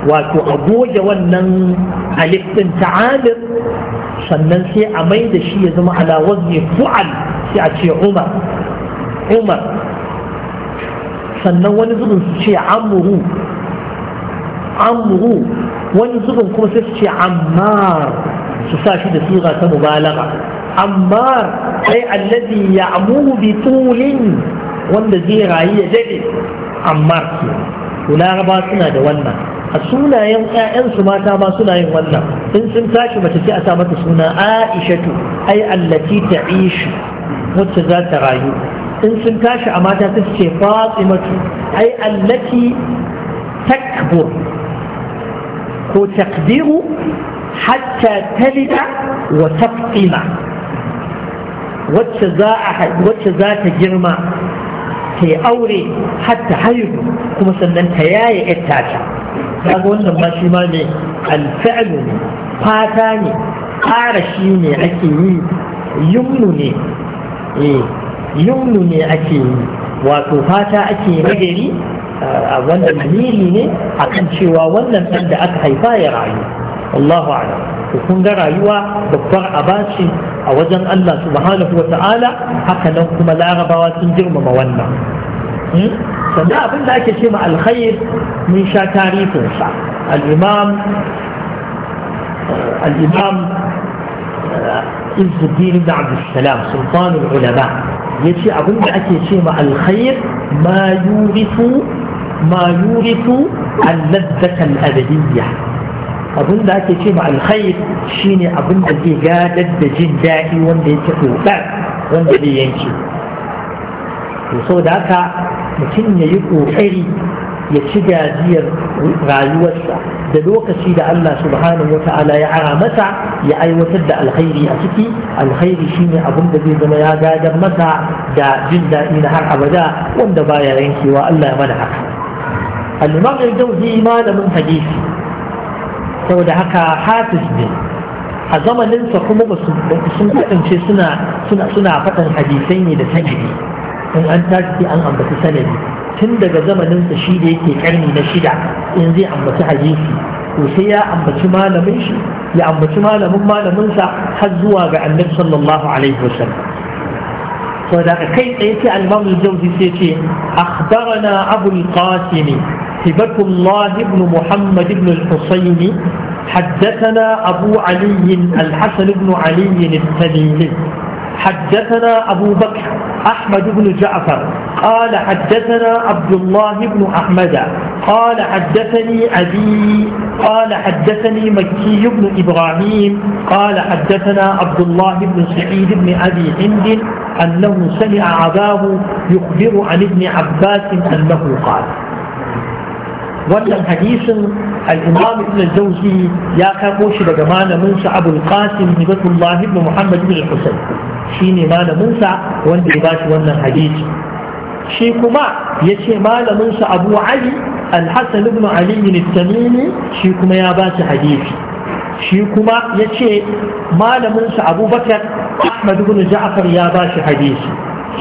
Speaker 1: wato a goge wannan ta ta'amir sannan sai a mai da shi ya zama ala wazni fu'al sai a ce umar umar sannan wani zubin su ce amuru amuru wani zubin kuma sai su ce ammar su sa shi da sura ta mubalaga ammar ai alladhi ya'muru bi tulin wanda zai rayu ya dade ammar ke to suna da wannan a sunayen ƴaƴansu mata ma suna yin wannan in sun tashi mace ce a sa mata suna aishatu ai allati ta'ishu wacce za ta rayu in sun tashi a mata su ce fatimatu ai allati takbur ko takbiru hatta talida wa taftima wacce za wacce za ta girma ta yi aure hatta haihu kuma sannan ta yaye ita ta kaga wannan ba shi ma ne alfa'lu ne fata ne ƙara ne ake yi yumnu ne eh yumnu ne ake yi wato fata ake nagari a wanda maniri ne a kan cewa wannan ɗan da aka haifa ya rayu Allahu a'lam to kun ga rayuwa babbar abaci a wajen Allah subhanahu wa haka nan kuma larabawa sun girmama wannan hmm? sannan abin da ake ce ma alkhair mun sha tarihinsa al-imam eh, al-imam eh, Izzuddin ibn Abdul Salam sultanul ulama yace abin da ake ce ma alkhair ma yurifu ma yurifu al-ladzata abin da ake ce ma alkhair shine abin da zai gadar da jin daɗi wanda yake dokar wanda zai yanke to saboda haka mutum ya yi ƙoƙari ya ci gajiyar rayuwarsa da lokaci da Allah subhanahu wa ta'ala ya ara masa ya aiwatar da alkhairi a ciki alkhairi shine abin da zai zama ya gadar masa da jin daɗi na har abada wanda baya yankewa Allah ya mana haka al-imam al-jawzi malamin hadisi saboda haka hafiz ne a zamaninsa kuma ba sun kasance suna suna suna faɗin hadisai ne da sanadi in an tashi an ambaci sanadi tun daga zamaninsa shi da yake karni na shida in zai ambaci hadisi to sai ya ambaci malamin shi ya ambaci malamin malaminsa har zuwa ga annabi sallallahu alaihi wasallam sau da kai tsaye sai al Jauzi jawzi sai ce akhbarana abu al-qasim hibatullah ibn muhammad ibn al-husayn حدثنا أبو علي الحسن بن علي التميمي حدثنا أبو بكر أحمد بن جعفر قال حدثنا عبد الله بن أحمد قال حدثني أبي قال حدثني مكي بن إبراهيم قال حدثنا عبد الله بن سعيد بن أبي عند أنه سمع عباه يخبر عن ابن عباس أنه قال wannan hadisin al-imam ibn jawzi ya karbo shi daga malamin sa abul qasim hibatullah ibn muhammad ibn al-husayn shine malamin sa wanda ya bashi wannan hadisi shi kuma yace malamin sa abu ali al-hasan ibn ali al-tamimi shi kuma ya bashi hadisi shi kuma yace malamin sa Bakar ahmad ibn ja'far ya bashi hadisi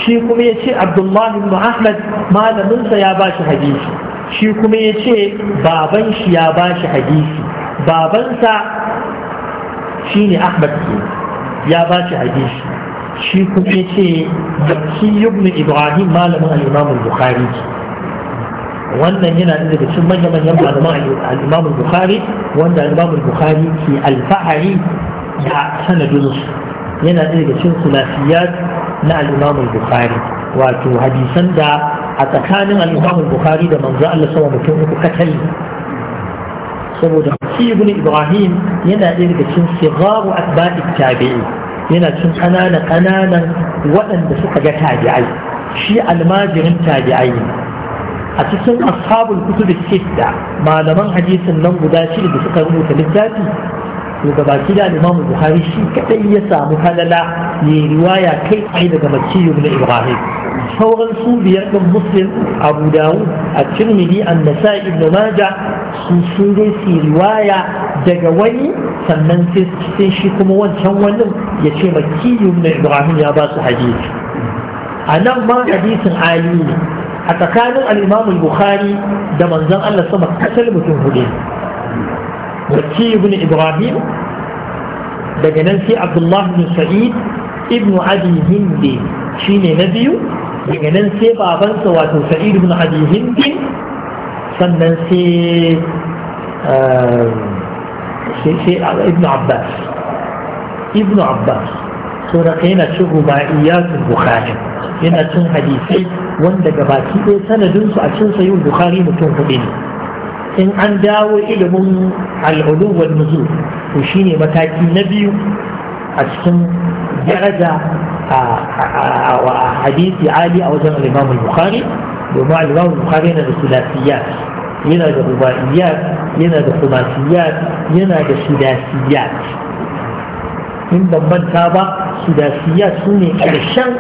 Speaker 1: shi kuma yace abdullahi ibn ahmad malamin sa ya bashi hadisi shi kuma ya ce baban shi ya ba shi hadisi babansa shi ne ahmad ke ya ba shi hadisi shi kuma ya ce baki ibn ibrahim malamin al'imamun bukhari wannan yana da daga cikin manya manyan malaman al'imamun bukhari wanda al'imamun bukhari ke alfahari da sanadinsu yana da daga cikin sulasiyat na al'imamun bukhari wato hadisan da a tsakanin al Buhari bukhari da manzo Allah sama mutum uku katal saboda shi ibn Ibrahim yana ɗaya daga cikin sigaru atba'i tabi'i yana cikin ƙananan ƙananan waɗanda suka ga tabi'ai shi almajirin tabi'ai a cikin ashabul kutub sitta malaman hadisin nan guda shida da suka rubuta littafi to gabaki da Imam Bukhari shi kadai ya samu halala ne riwaya kai tsaye daga Makki ibn Ibrahim sauran su biyar ɗin muslim abu a tirmidhi an nasa ibn maja su sun dai su riwaya daga wani sannan sai shi kuma wancan wannan ya ce makiyun na ibrahim ya ba su hadisi a nan ma hadisin ali ne a tsakanin al bukhari da manzon Allah sama kasal mutum hudu wakil ibn ibrahim daga nan sai abdullahi bin sa'id ibn abi hindi shine na biyu daga nan sai babansa wato saidu na abi hindin sannan eh, sai ibn abbas ibn abbas to da yana cin ruba'iyatul bukhari yana cin hadisai wanda gabaki ɗaya sanadinsu a cin sayin bukhari mutum hudu ne in an dawo ilimin al'ulu wal nuzul to shine mataki na biyu a cikin daraja a hadisi ali a wajen al-imam al domin al-imam yana da sulasiyat yana da rubaiyat yana da kumasiyat yana da sudasiyat in bambanta ba sudasiyat su ne ƙarshen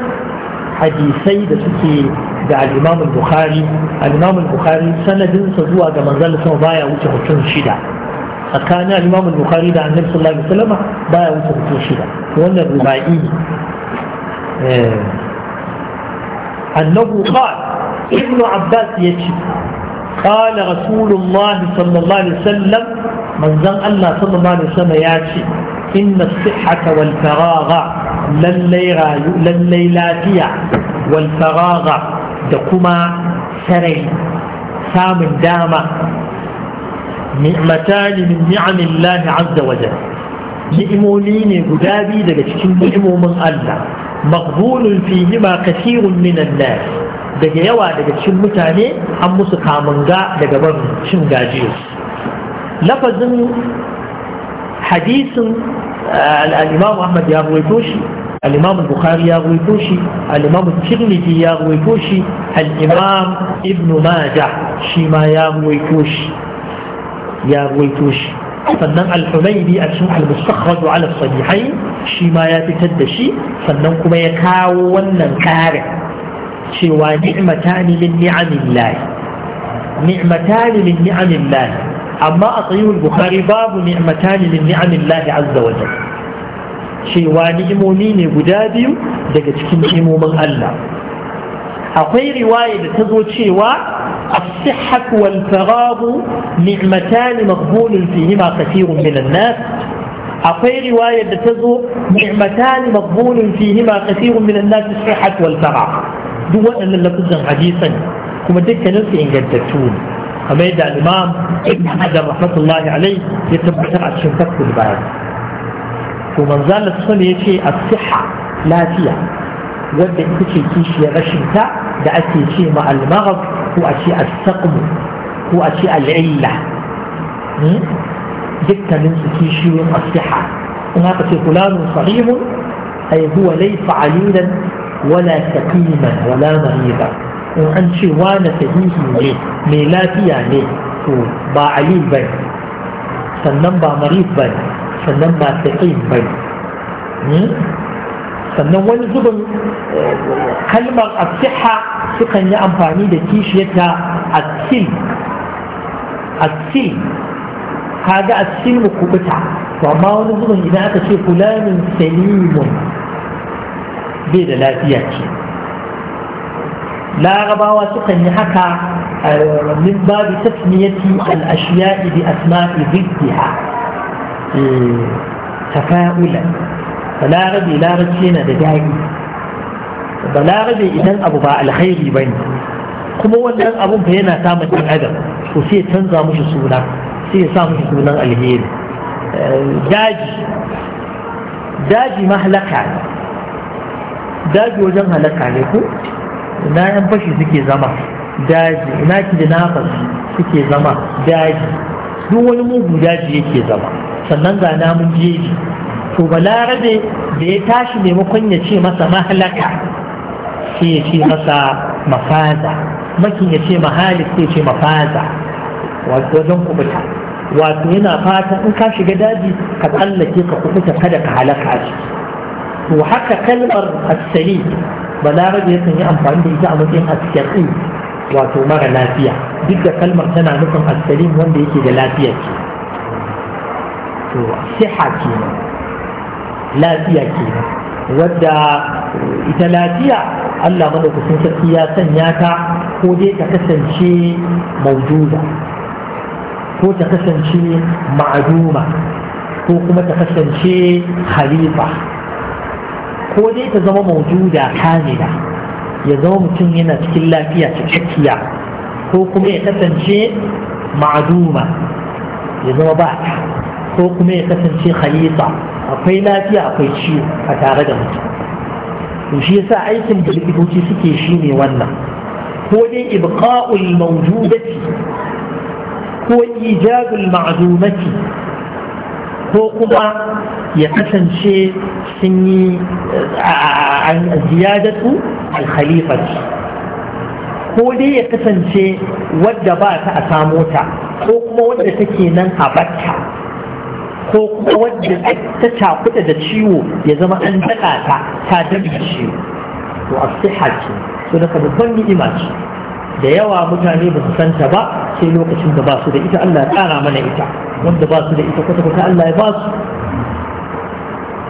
Speaker 1: hadisai da suke da al-imam al-bukhari sanadinsa zuwa ga manzal sama baya wuce shida tsakanin al-imam da annabi baya wuce mutum shida wannan ruba'i Eh. annabu qal ibnu abbas yace qala rasulullah sallallahu alaihi wasallam manzon Allah sallallahu alaihi wasallam yace inna sihhata wal faragha lan layra lan laylatiya wal da kuma sarai samun dama ni'matan min ni'amillahi azza wa jalla ni'moni ne guda biyu daga cikin ni'imomin Allah مقبول فيهما كثير من الناس daga yawa daga cikin mutane an musu kamun daga ban cin gajiyar lafazin hadisin al'imam ahmad ya ruwaito shi الإمام البخاري يروي كوشي الإمام الترمذي يروي كوشي الإمام ابن ماجه شيما يروي كوشي يروي كوشي sannan al a cikin al-mustakhraj ala sahihain shi ma ya fitar da shi sannan kuma ya kawo wannan karin cewa ni'matani min ni'amillah ni'matani min ni'amillah amma a sahihul bukhari babu ni'matani min ni'amillah azza wa jalla cewa ni'imomi ne guda biyu daga cikin ni'imomin Allah akwai riwaya da ta zo cewa as-sihhatu wal faragu ni'matan maqbulun fihima kathirun min an-nas akwai riwaya da ta zo ni'matan maqbulun fihima kathirun min an-nas as-sihhatu wal farag duk waɗannan lafuzan hadisan kuma dukkanin su ingantattu ne kamar yadda al-imam ibn hajar rahmatullahi alayhi ya tabbatar a cikin fakkul bayan to manzo Allah sun yace as-sihha lafiya wadda ita ce kishiyar rashin ta da ake ce ma almarab ko a ce asaqmu ko a ce al'illa hmm? dukkanin su kishiyoyin asiha in haka ce fulanun sahihun ay huwa laysa alilan wala saqiman wala marida in an ce wani sahihi ne mai lafiya ne to ba ali bai sannan ba marid bai sannan ba saqim bai sannan wani zubin eh, kalmar asiha sukan yi amfani da kishiyarta asil asil kaga asil mu kubuta to amma wani zubin idan aka ce fulanin salimun bai da lafiya ce larabawa sukan yi haka eh, min babu tasmiyati al-ashiya'i bi asma'i ziddiha eh, tafa'ulan balarabe larabci yana da daɗi balarabe idan abu ba alkhairi ba ne kuma wannan abun fa yana samun ɗan adam to sai canza mushi suna sai ya sa mushi sunan alheri eh, daji daji daji wajen halaka ne ko ina yan fashi suke zama daji ina kidnappers suke zama daji duk wani mugu daji yake zama sannan ga namun jeji to balarabe da ya tashi maimakon ya ce masa mahalaka sai ya ce masa mafaza makin ya ce mahalik sai ya ce mafaza wato wajen kubuta wato yana fatan in ka shiga daji ka tsallake ka kubuta kada ka halaka a ciki to haka kalmar asali balarabe yakan yi amfani da ita a matsayin asali wato mara lafiya duk da kalmar tana nufin asali wanda yake da lafiya ce to siha kenan lafiya ke wadda ita lafiya Allah madaukakin sarki ya sanya ta ko dai ta kasance maujuda ko ta kasance ma'aduma ko kuma ta kasance halifa ko dai ta zama maujuda kamila ya zama mutum yana cikin lafiya cikakkiya ko kuma ya kasance ma'aduma ya zama ba ko kuma ya kasance halifa akwai lafiya akwai ciwo a tare da mutum to shi yasa aikin da likitoci suke shine wannan ko dai ibqa'ul mawjudati ko ijadul ma'dumati ko kuma ya kasance sun yi ziyadatu al-khalifati ko dai ya kasance wadda ba ta a samo ko kuma wadda take nan a batta ko kuma wadda ta cakuɗa da ciwo ya zama an daɗa ta ta dabi ciwo to a siha ce so daga babban ni'ima ce da yawa mutane ba su santa ba sai lokacin da ba su da ita Allah ya tsara mana ita wanda ba su da ita kwata-kwata Allah ya ba su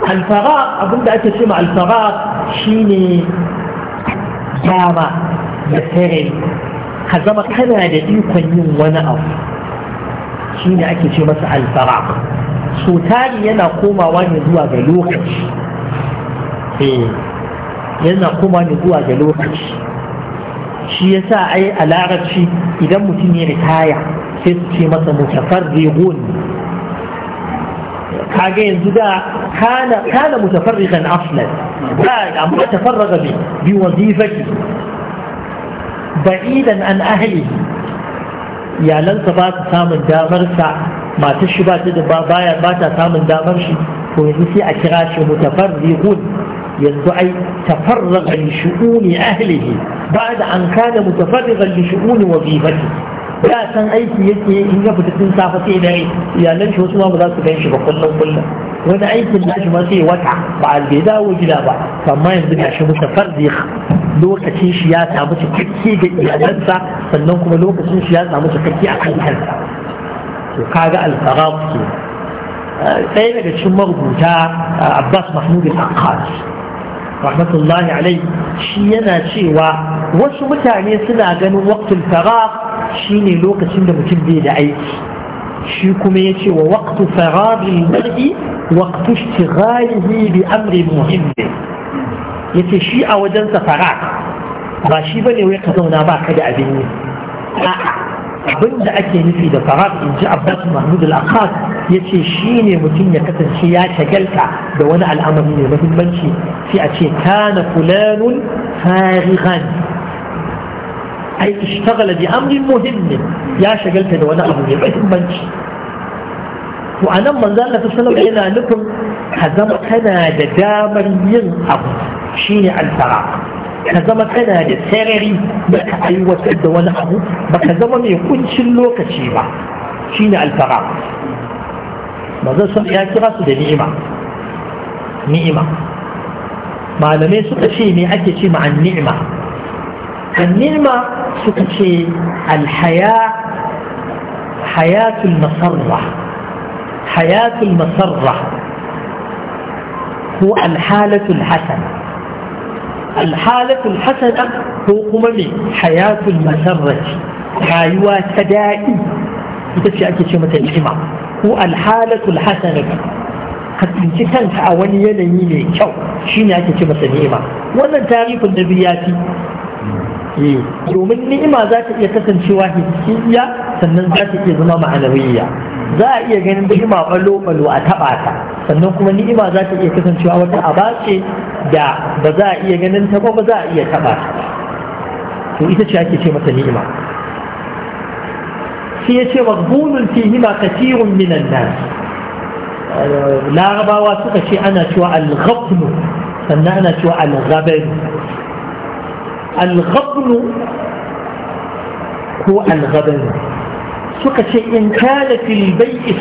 Speaker 1: Alfara abin da ake ce alfara alfaraq shine dama da tare ka zama kana da ikon yin wani abu shine ake ce masa alfaraq so yana komawa ne zuwa ga lokaci eh yana komawa ne zuwa ga lokaci shi ya sa ai a larabci idan mutum ya ritaya sai su ce masa ne, kaga yanzu da kana kana mutafarriqan aslan ba amma tafarraga bi bi wazifati ba'idan an ahli iyalansa ba su samun damar sa matar shi ba ta da baya ba ta samun damar shi to yanzu sai a kira shi mutafarrihun yanzu ai tafarraga li shu'uni ahlihi ba'da an kana mutafarriga li shu'uni wazifati ya san aiki yake in ya fita tun safa sai yi iyalan shi wasu ma ba za su gan shi ba kullum kullum wani aikin da shi ma sai wata ba a bai dawo gida ba amma yanzu ga shi mutafarrih lokacin shi ya samu cikakke ga iyalansa sannan kuma lokacin shi ya samu cikakke a kan kansa to kaga al ke ɗaya daga cikin marubuta Abbas Mahmud al-Aqas rahmatullahi alai shi yana cewa wasu mutane suna ganin waqtul faraq shine lokacin da mutum bai da aiki shi kuma ya ce wa waqtu faragil mar'i waqtu ishtighalihi bi amri ya yace shi a wajensa faraq ba shi bane wai ka zauna ba ka da abin yi a'a abin da ake nufi da farak in ji abbas mahmud al-akhas ya ce shi ne mutum ya kasance ya shagalta da wani al'amari mai mahimmanci sai a ce kana fulanun farihan ai ishtagala bi amrin muhimmin ya shagalta da wani abu mai mahimmanci to anan nan manzo Allah sallallahu alaihi yana nufin ka zama kana da damar yin abu shine al-farak ka zama kana da sarari da ka aiwatar da wani abu ba ka zama mai kuncin lokaci ba shine alfara manzon sun ya kira su da ni'ima ni'ima malamai suka ce me ake ce ma an ni'ima an ni'ima suka ce alhaya hayatul masarra hayatul masarra ko alhalatul hasana alhalatul hasana ko kuma mai hayatul masarraci rayuwa ta daɗi ita ce ake ce mata ni'ima ko alhalatul hasana ka tsinci kanka a wani yanayi mai kyau shine ake ce masa ni'ima wannan tarifin da biya fi eh, domin ni'ima za ta iya kasancewa hissiya sannan za ta iya zama ma'anawiyya za a iya ganin ni'ima balo-balo a taɓa ta sannan kuma ni'ima za ta iya kasancewa wata aba ce da ba za a iya ganin ta ba za a iya taɓa ta to ita ce ake ce mata ni'ima sai ya ce magbunun fihima kasirun minan nas larabawa suka ce ana cewa al-ghabnu sannan ana cewa al-ghabnu al-ghabnu ko al-ghabnu suka ce in kana fil bai'i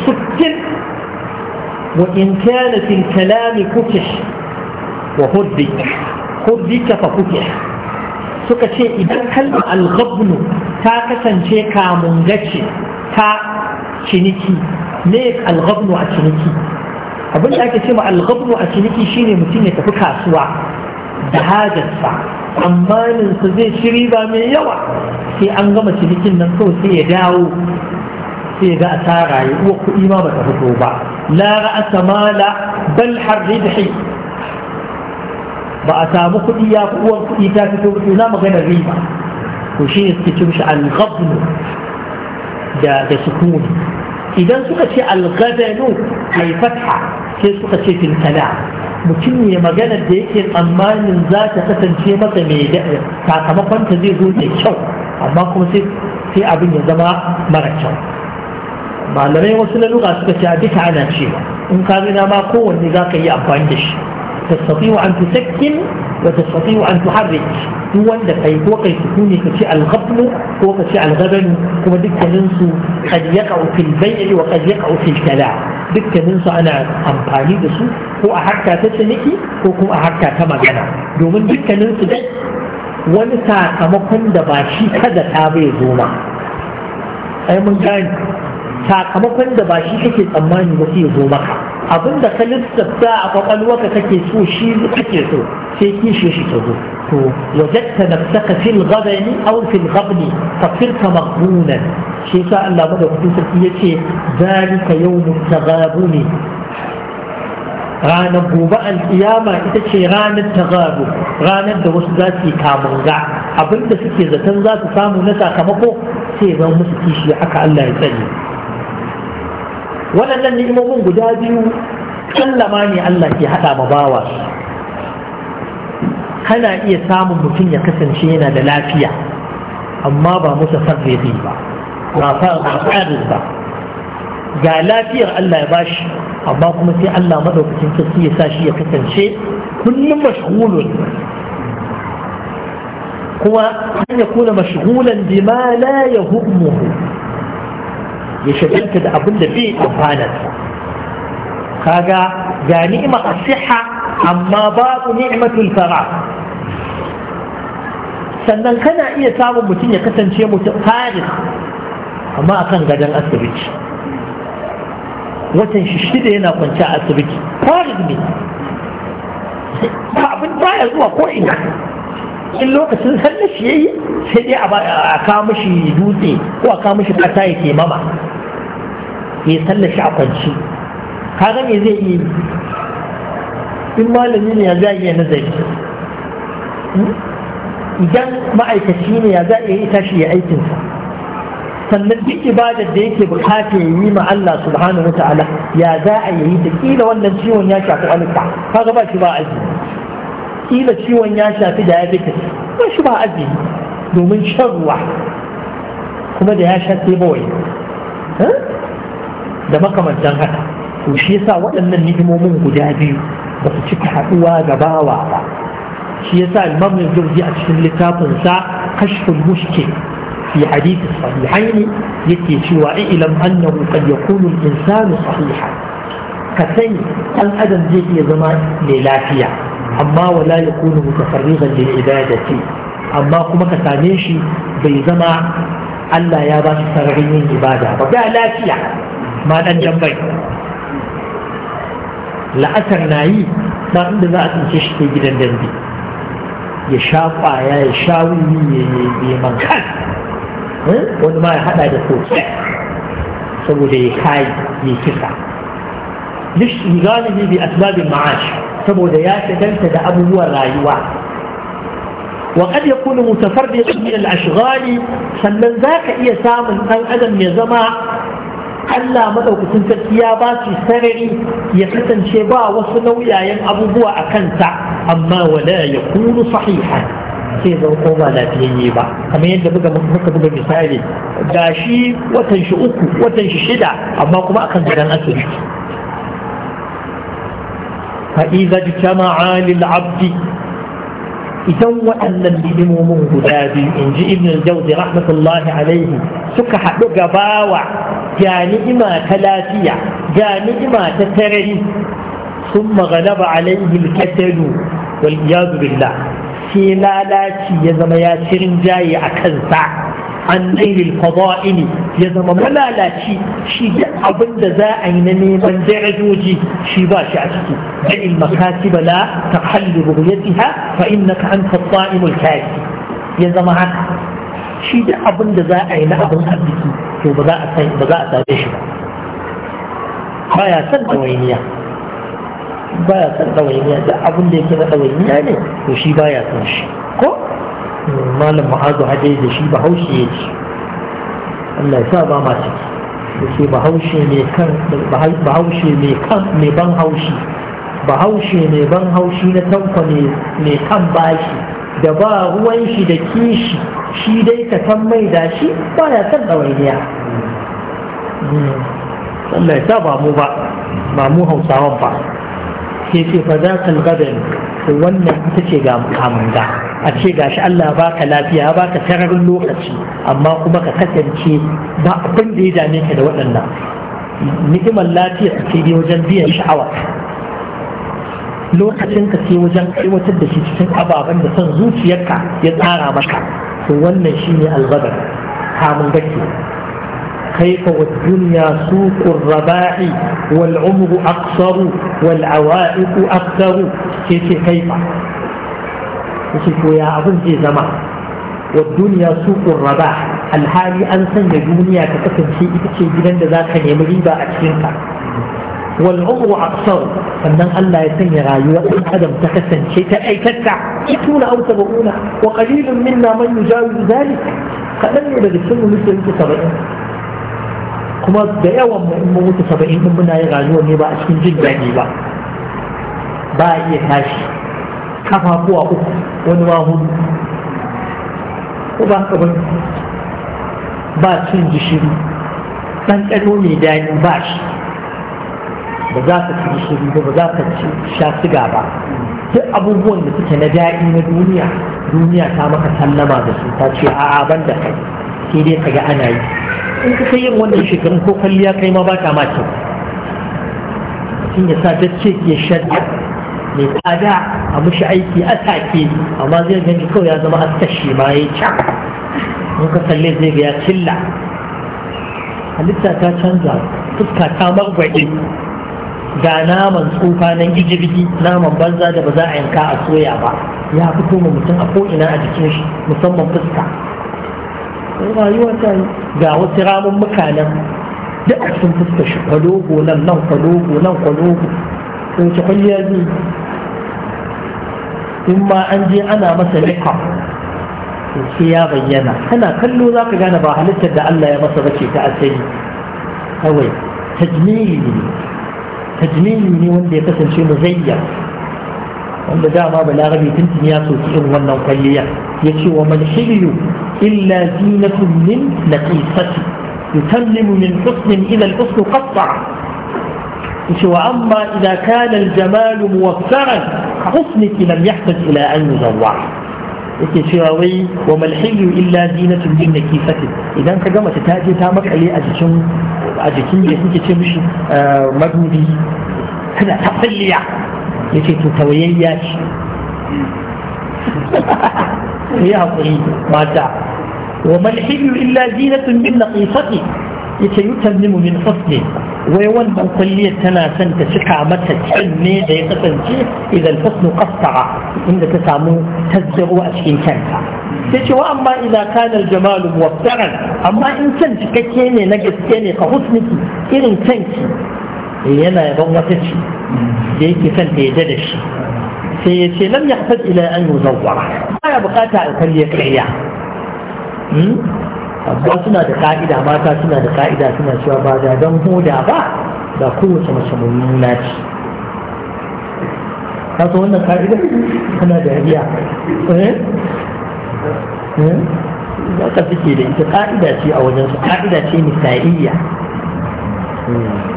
Speaker 1: wa in kana fil kalami wa hurdik hurdik fa kukih suka ce idan kalma al ta kasance kamun gace ta ciniki ne al a ciniki abin da ake ce ma al'gabnu a ciniki shine mutum ya tafi kasuwa da hajarsa amma zai ci riba mai yawa sai an gama cinikin nan kawai sai ya dawo sai ga asara uwa kuɗi ma bata fito ba la ra'asa mala bal har ribhi ba a samu kuɗi ya fi uwan kuɗi ta fito ba na magana riba to shi ne suke ce mishi al da da sukuni idan suka ce al-ghadanu ai fatha sai suka ce fil mutum ne magana da yake tsammanin za ta kasance masa mai sakamakonta zai zo da kyau amma kuma sai abin ya zama mara kyau malamai wasu na luga suka ce a duka ana ce. in ka zina ma kowanne za ka yi amfani da shi ta safi wa an tusakkin wa ta safi wa an kai ko kai su ne ka ce alghabnu ko ka ce alghabani kuma dukkanin su kad yaqau fil wa kad yaqau fil kala dukkanin ana amfani da su ko a hakka ta ciniki ko kuma a hakka ta magana domin dukkanin su wani sakamakon da ba shi kada ta bai zo ma ai mun gani sakamakon da ba shi kake tsammani ba sai zo maka abin da ka lissafta a kwakwalwarka kake so shi kake so sai kishi shi ta zo to wajadta nafsaka fil ghadani aw fil ghabni fa firka maghbunan shi sa Allah madaukakin sarki yace zalika yawmut taghabuni ranar gobe al'iyama ita ce ranar tagaru ranar da wasu za su yi kamunga abinda suke zaton za su samu na sakamako sai zan musu kishi aka Allah ya tsare waɗannan ni'imomin guda biyu sallama ne Allah ke haɗa ma bawa kana iya samun mutum ya kasance yana da lafiya amma ba musa sarrafi ba ba ba ba ga lafiyar Allah ya bashi amma kuma sai Allah madaukakin sarki ya sa shi ya kasance kullum mashghulun kuma an ya kuna mashghulan bima la yahummuhu ya shagalta da abin da bai amfanarsa kaga ga ni'ima asiha amma babu ni'matul fara sannan kana iya samun mutum ya kasance mutum faris amma akan gadon asibiti watan shi shida yana kwanci a asibiti farid ne ba abin baya zuwa ko ina in lokacin sallar shi yayi sai dai a kawo mishi dutse ko a kawo mishi kasa ya ke mama ya sallar shi a kwanci kaga me zai yi in malami ne ya za iya nazari hmm? idan ma'aikaci ne ya za iya yi tashi ya aikinsa sannan duk ibadar da yake bukata ya yi ma Allah subhanahu wata'ala ya za a yi da kila wannan ciwon ya shafi alka kaga ba shi ba azumi kila ciwon ya shafi da diabetes ba shi ba azumi domin shan ruwa kuma da ya sha sai bawai eh? da makamantan haka to shi yasa waɗannan ni'imomin guda biyu ba su cika haɗuwa ga ba shi yasa imam yanzu a cikin littafinsa kashful mushkil في حديث الصحيحين يكي شوى اعلم أنه قد يكون الإنسان صحيحا كسي الأدم زي زمان للافية أما ولا يكون متفرغا للعبادة أما كما كساميشي بي زمان ألا يا باشي سرغين عبادة فبع لافية ما ننجمعي la'asar na yi na inda za a tsince shi ke gidan dambe ya sha kwaya ya sha wuri ya yi man kan 我他妈还带着护士，说我这开你去啥？你是你干的你比阿斯拉比马什，说我这呀是跟着的阿布乌尔来哇。وقد يكون متفرقا من الاشغال فمن ذاك اي سام ان ادم يزمع الا ما لو كنت يا باسي سرري يفتن شيبا وسنويا ابو بوى اكنت اما ولا يكون صحيحا sai zan koma lafiyayye ba kamar yadda muka buga misali ga shi watan shi uku watan shi shida amma kuma akan gadon asibiti fa'iza jama'a lil abdi idan waɗannan limomin guda biyu in ji ibn jauzi rahmatullahi alaihi suka haɗu gabawa ga ni'ima ta lafiya ga ni'ima ta tarari sun magalaba alaihi alkatalu wal iyadu sai lalaci ya zama ya shirin jaye a kansa an nailil fada'ili ya zama malalaci shi duk abin da za a yi na neman darajoji shi ba shi a ciki da ilmakati bala ta halli ru'yatiha fa innaka anta at-ta'imul kafi ya zama haka shi duk abin da za a yi na abin arziki to ba za a same shi ba Ba baya san dawainiya baya san ɗawainiya da abin da yake na ɗawainiya ne to shi baya san shi ko malam ma'azu hade da shi bahaushe ya ce Allah ya sa ba ma ciki da ke bahaushe mai kan haushi ne kan mai ban haushi haushi ne ban haushi na tanko mai kan bashi da ba ruwan shi da kishi shi dai ka san mai da shi ba ya san ɗawainiya hmm. Allah ya sa ba mu ba ba mu hausawan ba sai ce fa za ka badal wannan ita ce ga kamanga a ce gashi Allah baka lafiya baka tararin lokaci amma kuma ka kasance ba abin da ya dame ka da waɗannan ni'imar lafiya ce wajen biyan sha'awa lokacin ka ce wajen aiwatar da shi cikin ababen da son zuciyarka ya tsara maka to wannan shine albadar kamun gaske الخيف والدنيا سوق الرباع والعمر أقصر والعوائق أكثر كيف كيف يشوف يا أبن زي زمان والدنيا سوق الرباح الحالي أن سنة دنيا تكتن شيء شيء جدا ذاك يمريبا أكشنك والعمر أقصر فمن الله يسني غاية وإن أدم تكسن شيء أي تتع ستون أو سبعون وقليل منا من يجاوز ذلك فلن يبدو السنة مثل سبعين kuma da yawan mu in mutu saba'in in muna yi rayuwa ne ba a cikin jin daɗi ba ba a iya tashi kafafuwa uku wani ma hudu ko ba ka bani ba cin gishiri ɗanɗano mai daɗi ba shi ba za ka ci gishiri ba ba za ka ci sha siga ba duk abubuwan da suke na daɗi na duniya duniya ta maka sallama da su ta ce a'a ban da kai sai dai kaga ana yi in ka kai yin wannan shekarun ko kwalliya kai ma ba ta ma kyau mutum ya sa ta ce ke shadda mai tsada a mushi aiki a take amma zai gani kawai ya zama askashi ma ya ca in ka kalli zai ga ya cilla halitta ta canza fuska ta margwaɗe ga naman tsufa nan naman banza da ba za a yanka a soya ba ya fito ma mutum a ko'ina a jikin shi musamman fuska rayuwa ta yi ga wasu ramin mutanen da a cikin fuska shi kwalogo nan nan kwalogo nan kwalogo sun ci kwalliya zai in ma an je ana masa nika sai ya bayyana kana kallo za ka gane ba halittar da Allah ya masa bace ta asali kawai tajmili ne tajmili ne wanda ya kasance muzayyar wanda dama balarabe tuntun ya soki irin wannan kwalliya ya ce wa man hilyu illa zinatun min naqisati yutallimu min husnin ila al-husn qatta yace wa amma idza kana al-jamal muwaffaran husniki lam yahtaj ila an yuzawwa yake cewa wai wa mal hilyu illa zinatun min naqisati idan ka gama ta je ta makale a jikin a jikin da kike ce mishi madudi kana ta kwalliya ya ce to tauyayya ce ku yi haƙuri mata wa malhibu illa zinatun min naqisati yace yutallimu min husni wai wannan kulliyar tana son ta cika mata kyan ne da ya kasance idan husnu qatta'a inda ta samu tazzaro a cikin kyanta sai ce wa amma idza kana al-jamalu muwaffaran amma in san cikakke ne na gaske ne ka husniki irin kyanki Eh, yana yaban wata ce da yake son ta yadda da shi sai ya ce lam yahtaj ila an yuzawwara baya bukata alkalli kariya hmm? amma suna da ka'ida mata suna da ka'ida suna cewa ba da don hoda ba da kowace mace mummuna ce ka so wannan ka'ida tana da hadiya eh eh ka da ita ka'ida ce a wajen su ka'ida ce misaliya hmm.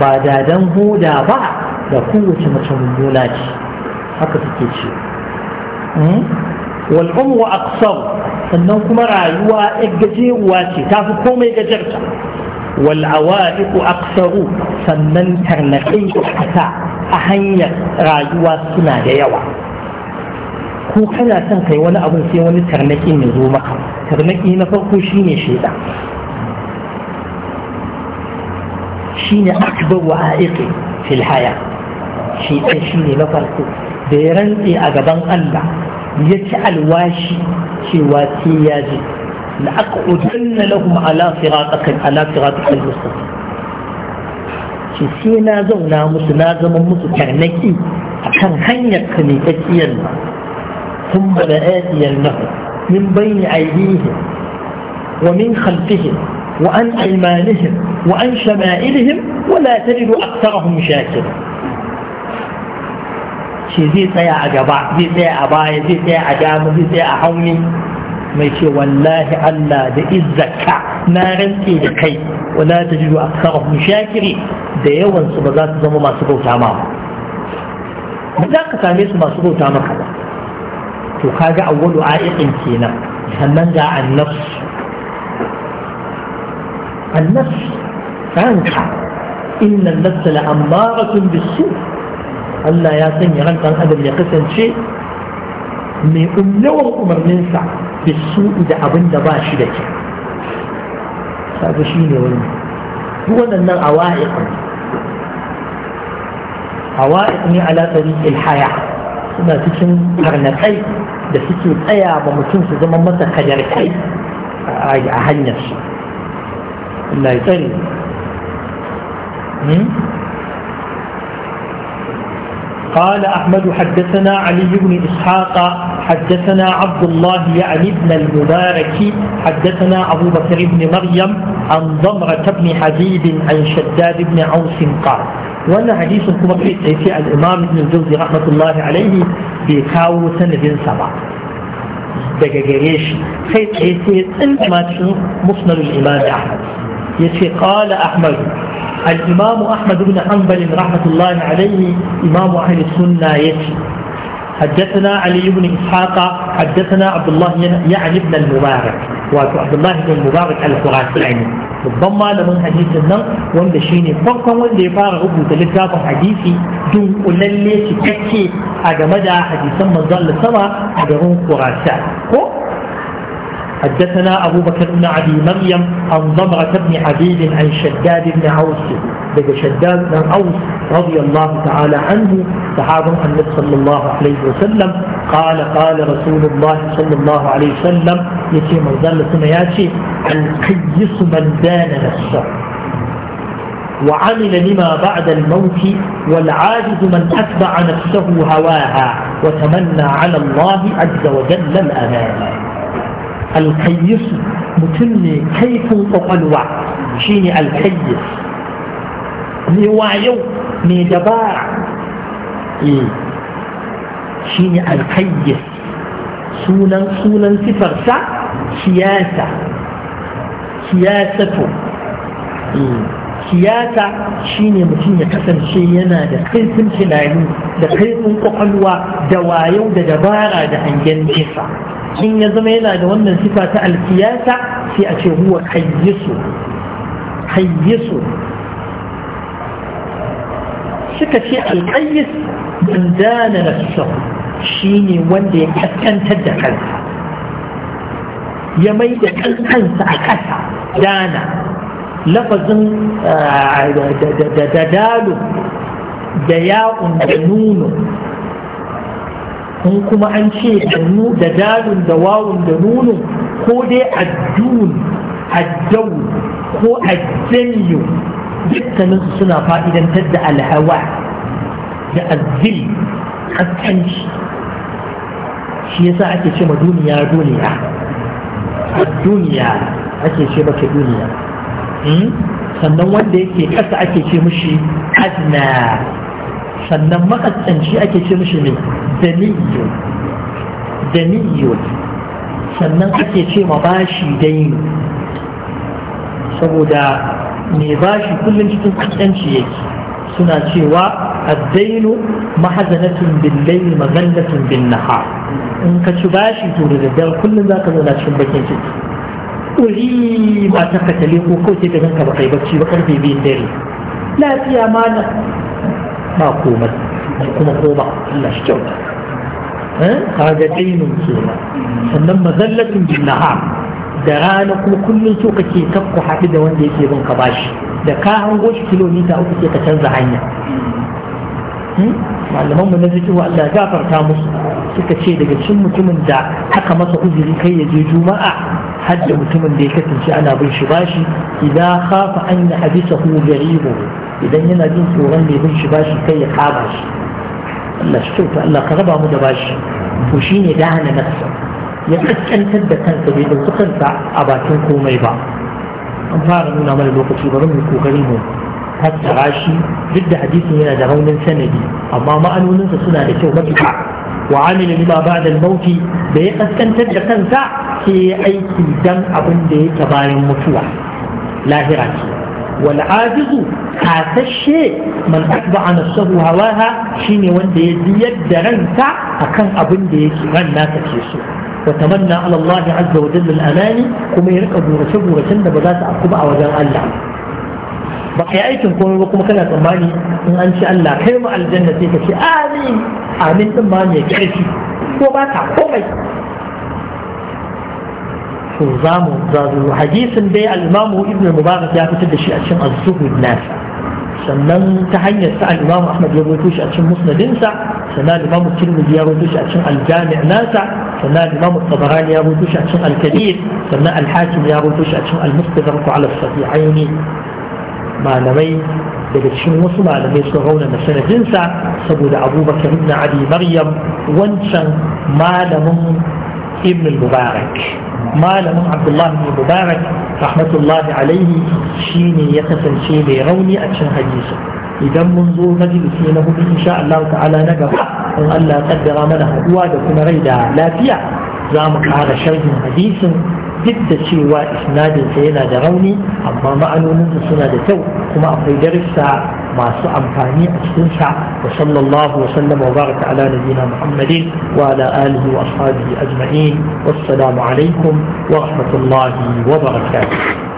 Speaker 1: ba dadan huda ba da kowace mace mummuna ce haka suke ce hmm? wal umru sannan kuma rayuwa gajeruwa ce ta fi komai gajarta wal awaiqu sannan tarnaƙi kasa a hanyar rayuwa suna da yawa ko kana son kai wani abin sai wani tarnaki ne zo maka tarnaƙi na farko shine shaidan shine akbar wa aiki fil haya shi ɗan shine na farko da ya rantse a gaban Allah ya ci alwashi cewa sai ya ji la aqudanna lahum ala siratika ala siratika al-mustaqim shi sai na zauna musu na zama musu karnaki A kan hanyar ka ne tsakiyar ثم لآتينهم من بين Wa min خلفهم وعن أيمانهم وعن شمائلهم ولا تجد أكثرهم شاكرا shi zai tsaya a gaba zai tsaya a baya zai tsaya a dama zai tsaya a hauni mai ce wallahi Allah da izzaka na rantse da kai wala ta jiru a karahun shakiri da yawansu ba za su zama masu bauta ma ba za ka same su masu bauta maka ba to kaga awwalu a'iqin kenan sannan ga annabsu النفس فانكع إن النفس لأمارة بالسوء Allah ya sanya ran ɗan ya kasance mai umlawar umarninsa da su da abin da ba shi da shi ne wani duk waɗannan awa'iq ne awa'iq ne ilhaya suna cikin harnakai da suke tsaya ba mutum su zama masa kajarkai a hanyar su الله يسلم قال أحمد حدثنا علي بن إسحاق حدثنا عبد الله يعني بن المبارك حدثنا أبو بكر بن مريم عن ضمرة بن حبيب عن شداد بن عوس قال وانا حديث كما في الإمام ابن الجوزي رحمة الله عليه بكاو بن سبع دقا قريش خيط عيسير انت ما تشوف مصنر الإمام أحمد yace qala ahmad al-imam ahmad ibn hanbal rahmatullahi alayhi imam ahli sunna yace حدثنا علي بن إسحاق حدثنا عبد الله يعني ابن المبارك wato abdullahi bin mubarak al-qurani ne babban malamin hadisin nan wanda shine farkon wanda ya fara rubuta littafin hadisi duk ulalle cikakke a game da hadisan manzo Allah sama a garin ko حدثنا أبو بكر بن عدي مريم عن ضمرة بن حبيب عن شداد بن عوس لدى شداد بن عوس رضي الله تعالى عنه صحابة النبي صلى الله عليه وسلم قال قال رسول الله صلى الله عليه وسلم يتي مرزان لسنا ياتي القيس من دان نفسه وعمل لما بعد الموت والعاجز من أتبع نفسه هواها وتمنى على الله عز وجل الأمانة mutum ne kaifin القلوة shi ne نوايو مي دبار إيه شيني القيس سونا سونا سفرسة سياسة Sunan إيه siyasa eh, ne mutum ya kasance yana da kaifin tunani da kaifin kwakwalwa da wayo da dabara da hangen nesa in ya zama yana da wannan sifa ta alkiyasa sai a ce huwa kayyisu kayyisu suka ce alkayyis in dana Shi ne wanda ya kaskantar da kansa ya mai da kansa a ƙasa dana lafazin ah, da dalo da ya'un da nuno in kuma an ce da dalun da wawun da nunun ko dai addun addau ko addaniyu dukkaninsu suna fa'idantar da alhawa da azzil haskanci shi yasa ake ce ma duniya duniya duniya ake ce mata duniya hmm? sannan wanda yake ƙasa ake ce mushi adna sannan makatsanci ake ce mishi ne daniyo sannan ake ce ma bashi dai saboda mai bashi kullum cikin katsanci yake suna cewa addainu mahazanatun billahi mazallatun bin nahar in ka ci bashi to da daddare kullum za ka zauna cikin bakin ciki uri ba ta katale ko kawai sai ka ganka ba kai bacci ba karfe biyun dare lafiya mana ما قومت قوم قوم الله شجوا قادتين كيما فلما ذلت بالنهار دران كل سوق كي تبقى حافظة وان دي سيبون كباش دكا هم وش كيلو ميتا او كي تتنزع عينا معلم هم نزلتوا ألا جافر كاموس سكة شيء دقل شم تمن دا حقا ما سأوزي لكي يجيجوا ما حد تمن دي كتن شعنا بالشباش إذا خاف أن حديثه غريبه idan yana jin tsoron mai bin shi bashi kai ya kama shi Allah shi kyauta Allah ka raba mu da bashi to shine dahana nafsa ya kaskantar da kansa bai ɗauki kansa a bakin komai ba an fara nuna mana lokaci bari mu kokari mu fassara shi duk da hadisin yana da raunin sanadi amma ma'anoninsa suna da kyau matuƙa wa amila lima ba'da al-maut da ya kaskantar da kansa ke aiki dan abin da yake bayan mutuwa lahira ce والعاجز كاسشي من أتبع نفسه هواها شيني وند يزيد رنسا أكن أبن ديك رنا تكيسو وتمنى على الله عز وجل الأماني كما يرقب ورسب ورسند بذات أقبع وجل الله ba ka yi aikin komai ba kuma kana tsammani in an ci Allah kai mu aljanna sai ka ce amin amin din ma mai karfi ko ba ka komai to za mu zazu hadisin dai al ibn mubarak ya fitar da shi a cikin az nasa sannan ta hanyar sa al ahmad ya rawaito shi a cikin musnadinsa sannan al tirmidhi ya rawaito shi a cikin al nasa sannan al tabarani ya rawaito shi a cikin al-kabir sannan al-hakim ya rawaito shi a cikin al-mustadrak ala as malamai daga cikin wasu malamai sun na sanadinsa saboda abubakar ibn abi maryam wancan malamin ibn al-mubarak malamin abdullah mubarak rahmatullahi alaihi ne ya kasance mai rauni a cikin hadisi idan mun zo majalisi na hudu insha Allah ta'ala na gaba in Allah kaddara mana haduwa da kuma rai da lafiya zamu mu kara sharhin hadisin duk da cewa isnadinsa yana da rauni amma ma'anoninsa suna da kyau kuma akwai darussa masu amfani a cikinsa wa sallallahu wa sallama wa baraka ala nabiyina muhammadin wa ala alihi wa ashabihi ajma'in wassalamu alaikum wa rahmatullahi wa barakatuh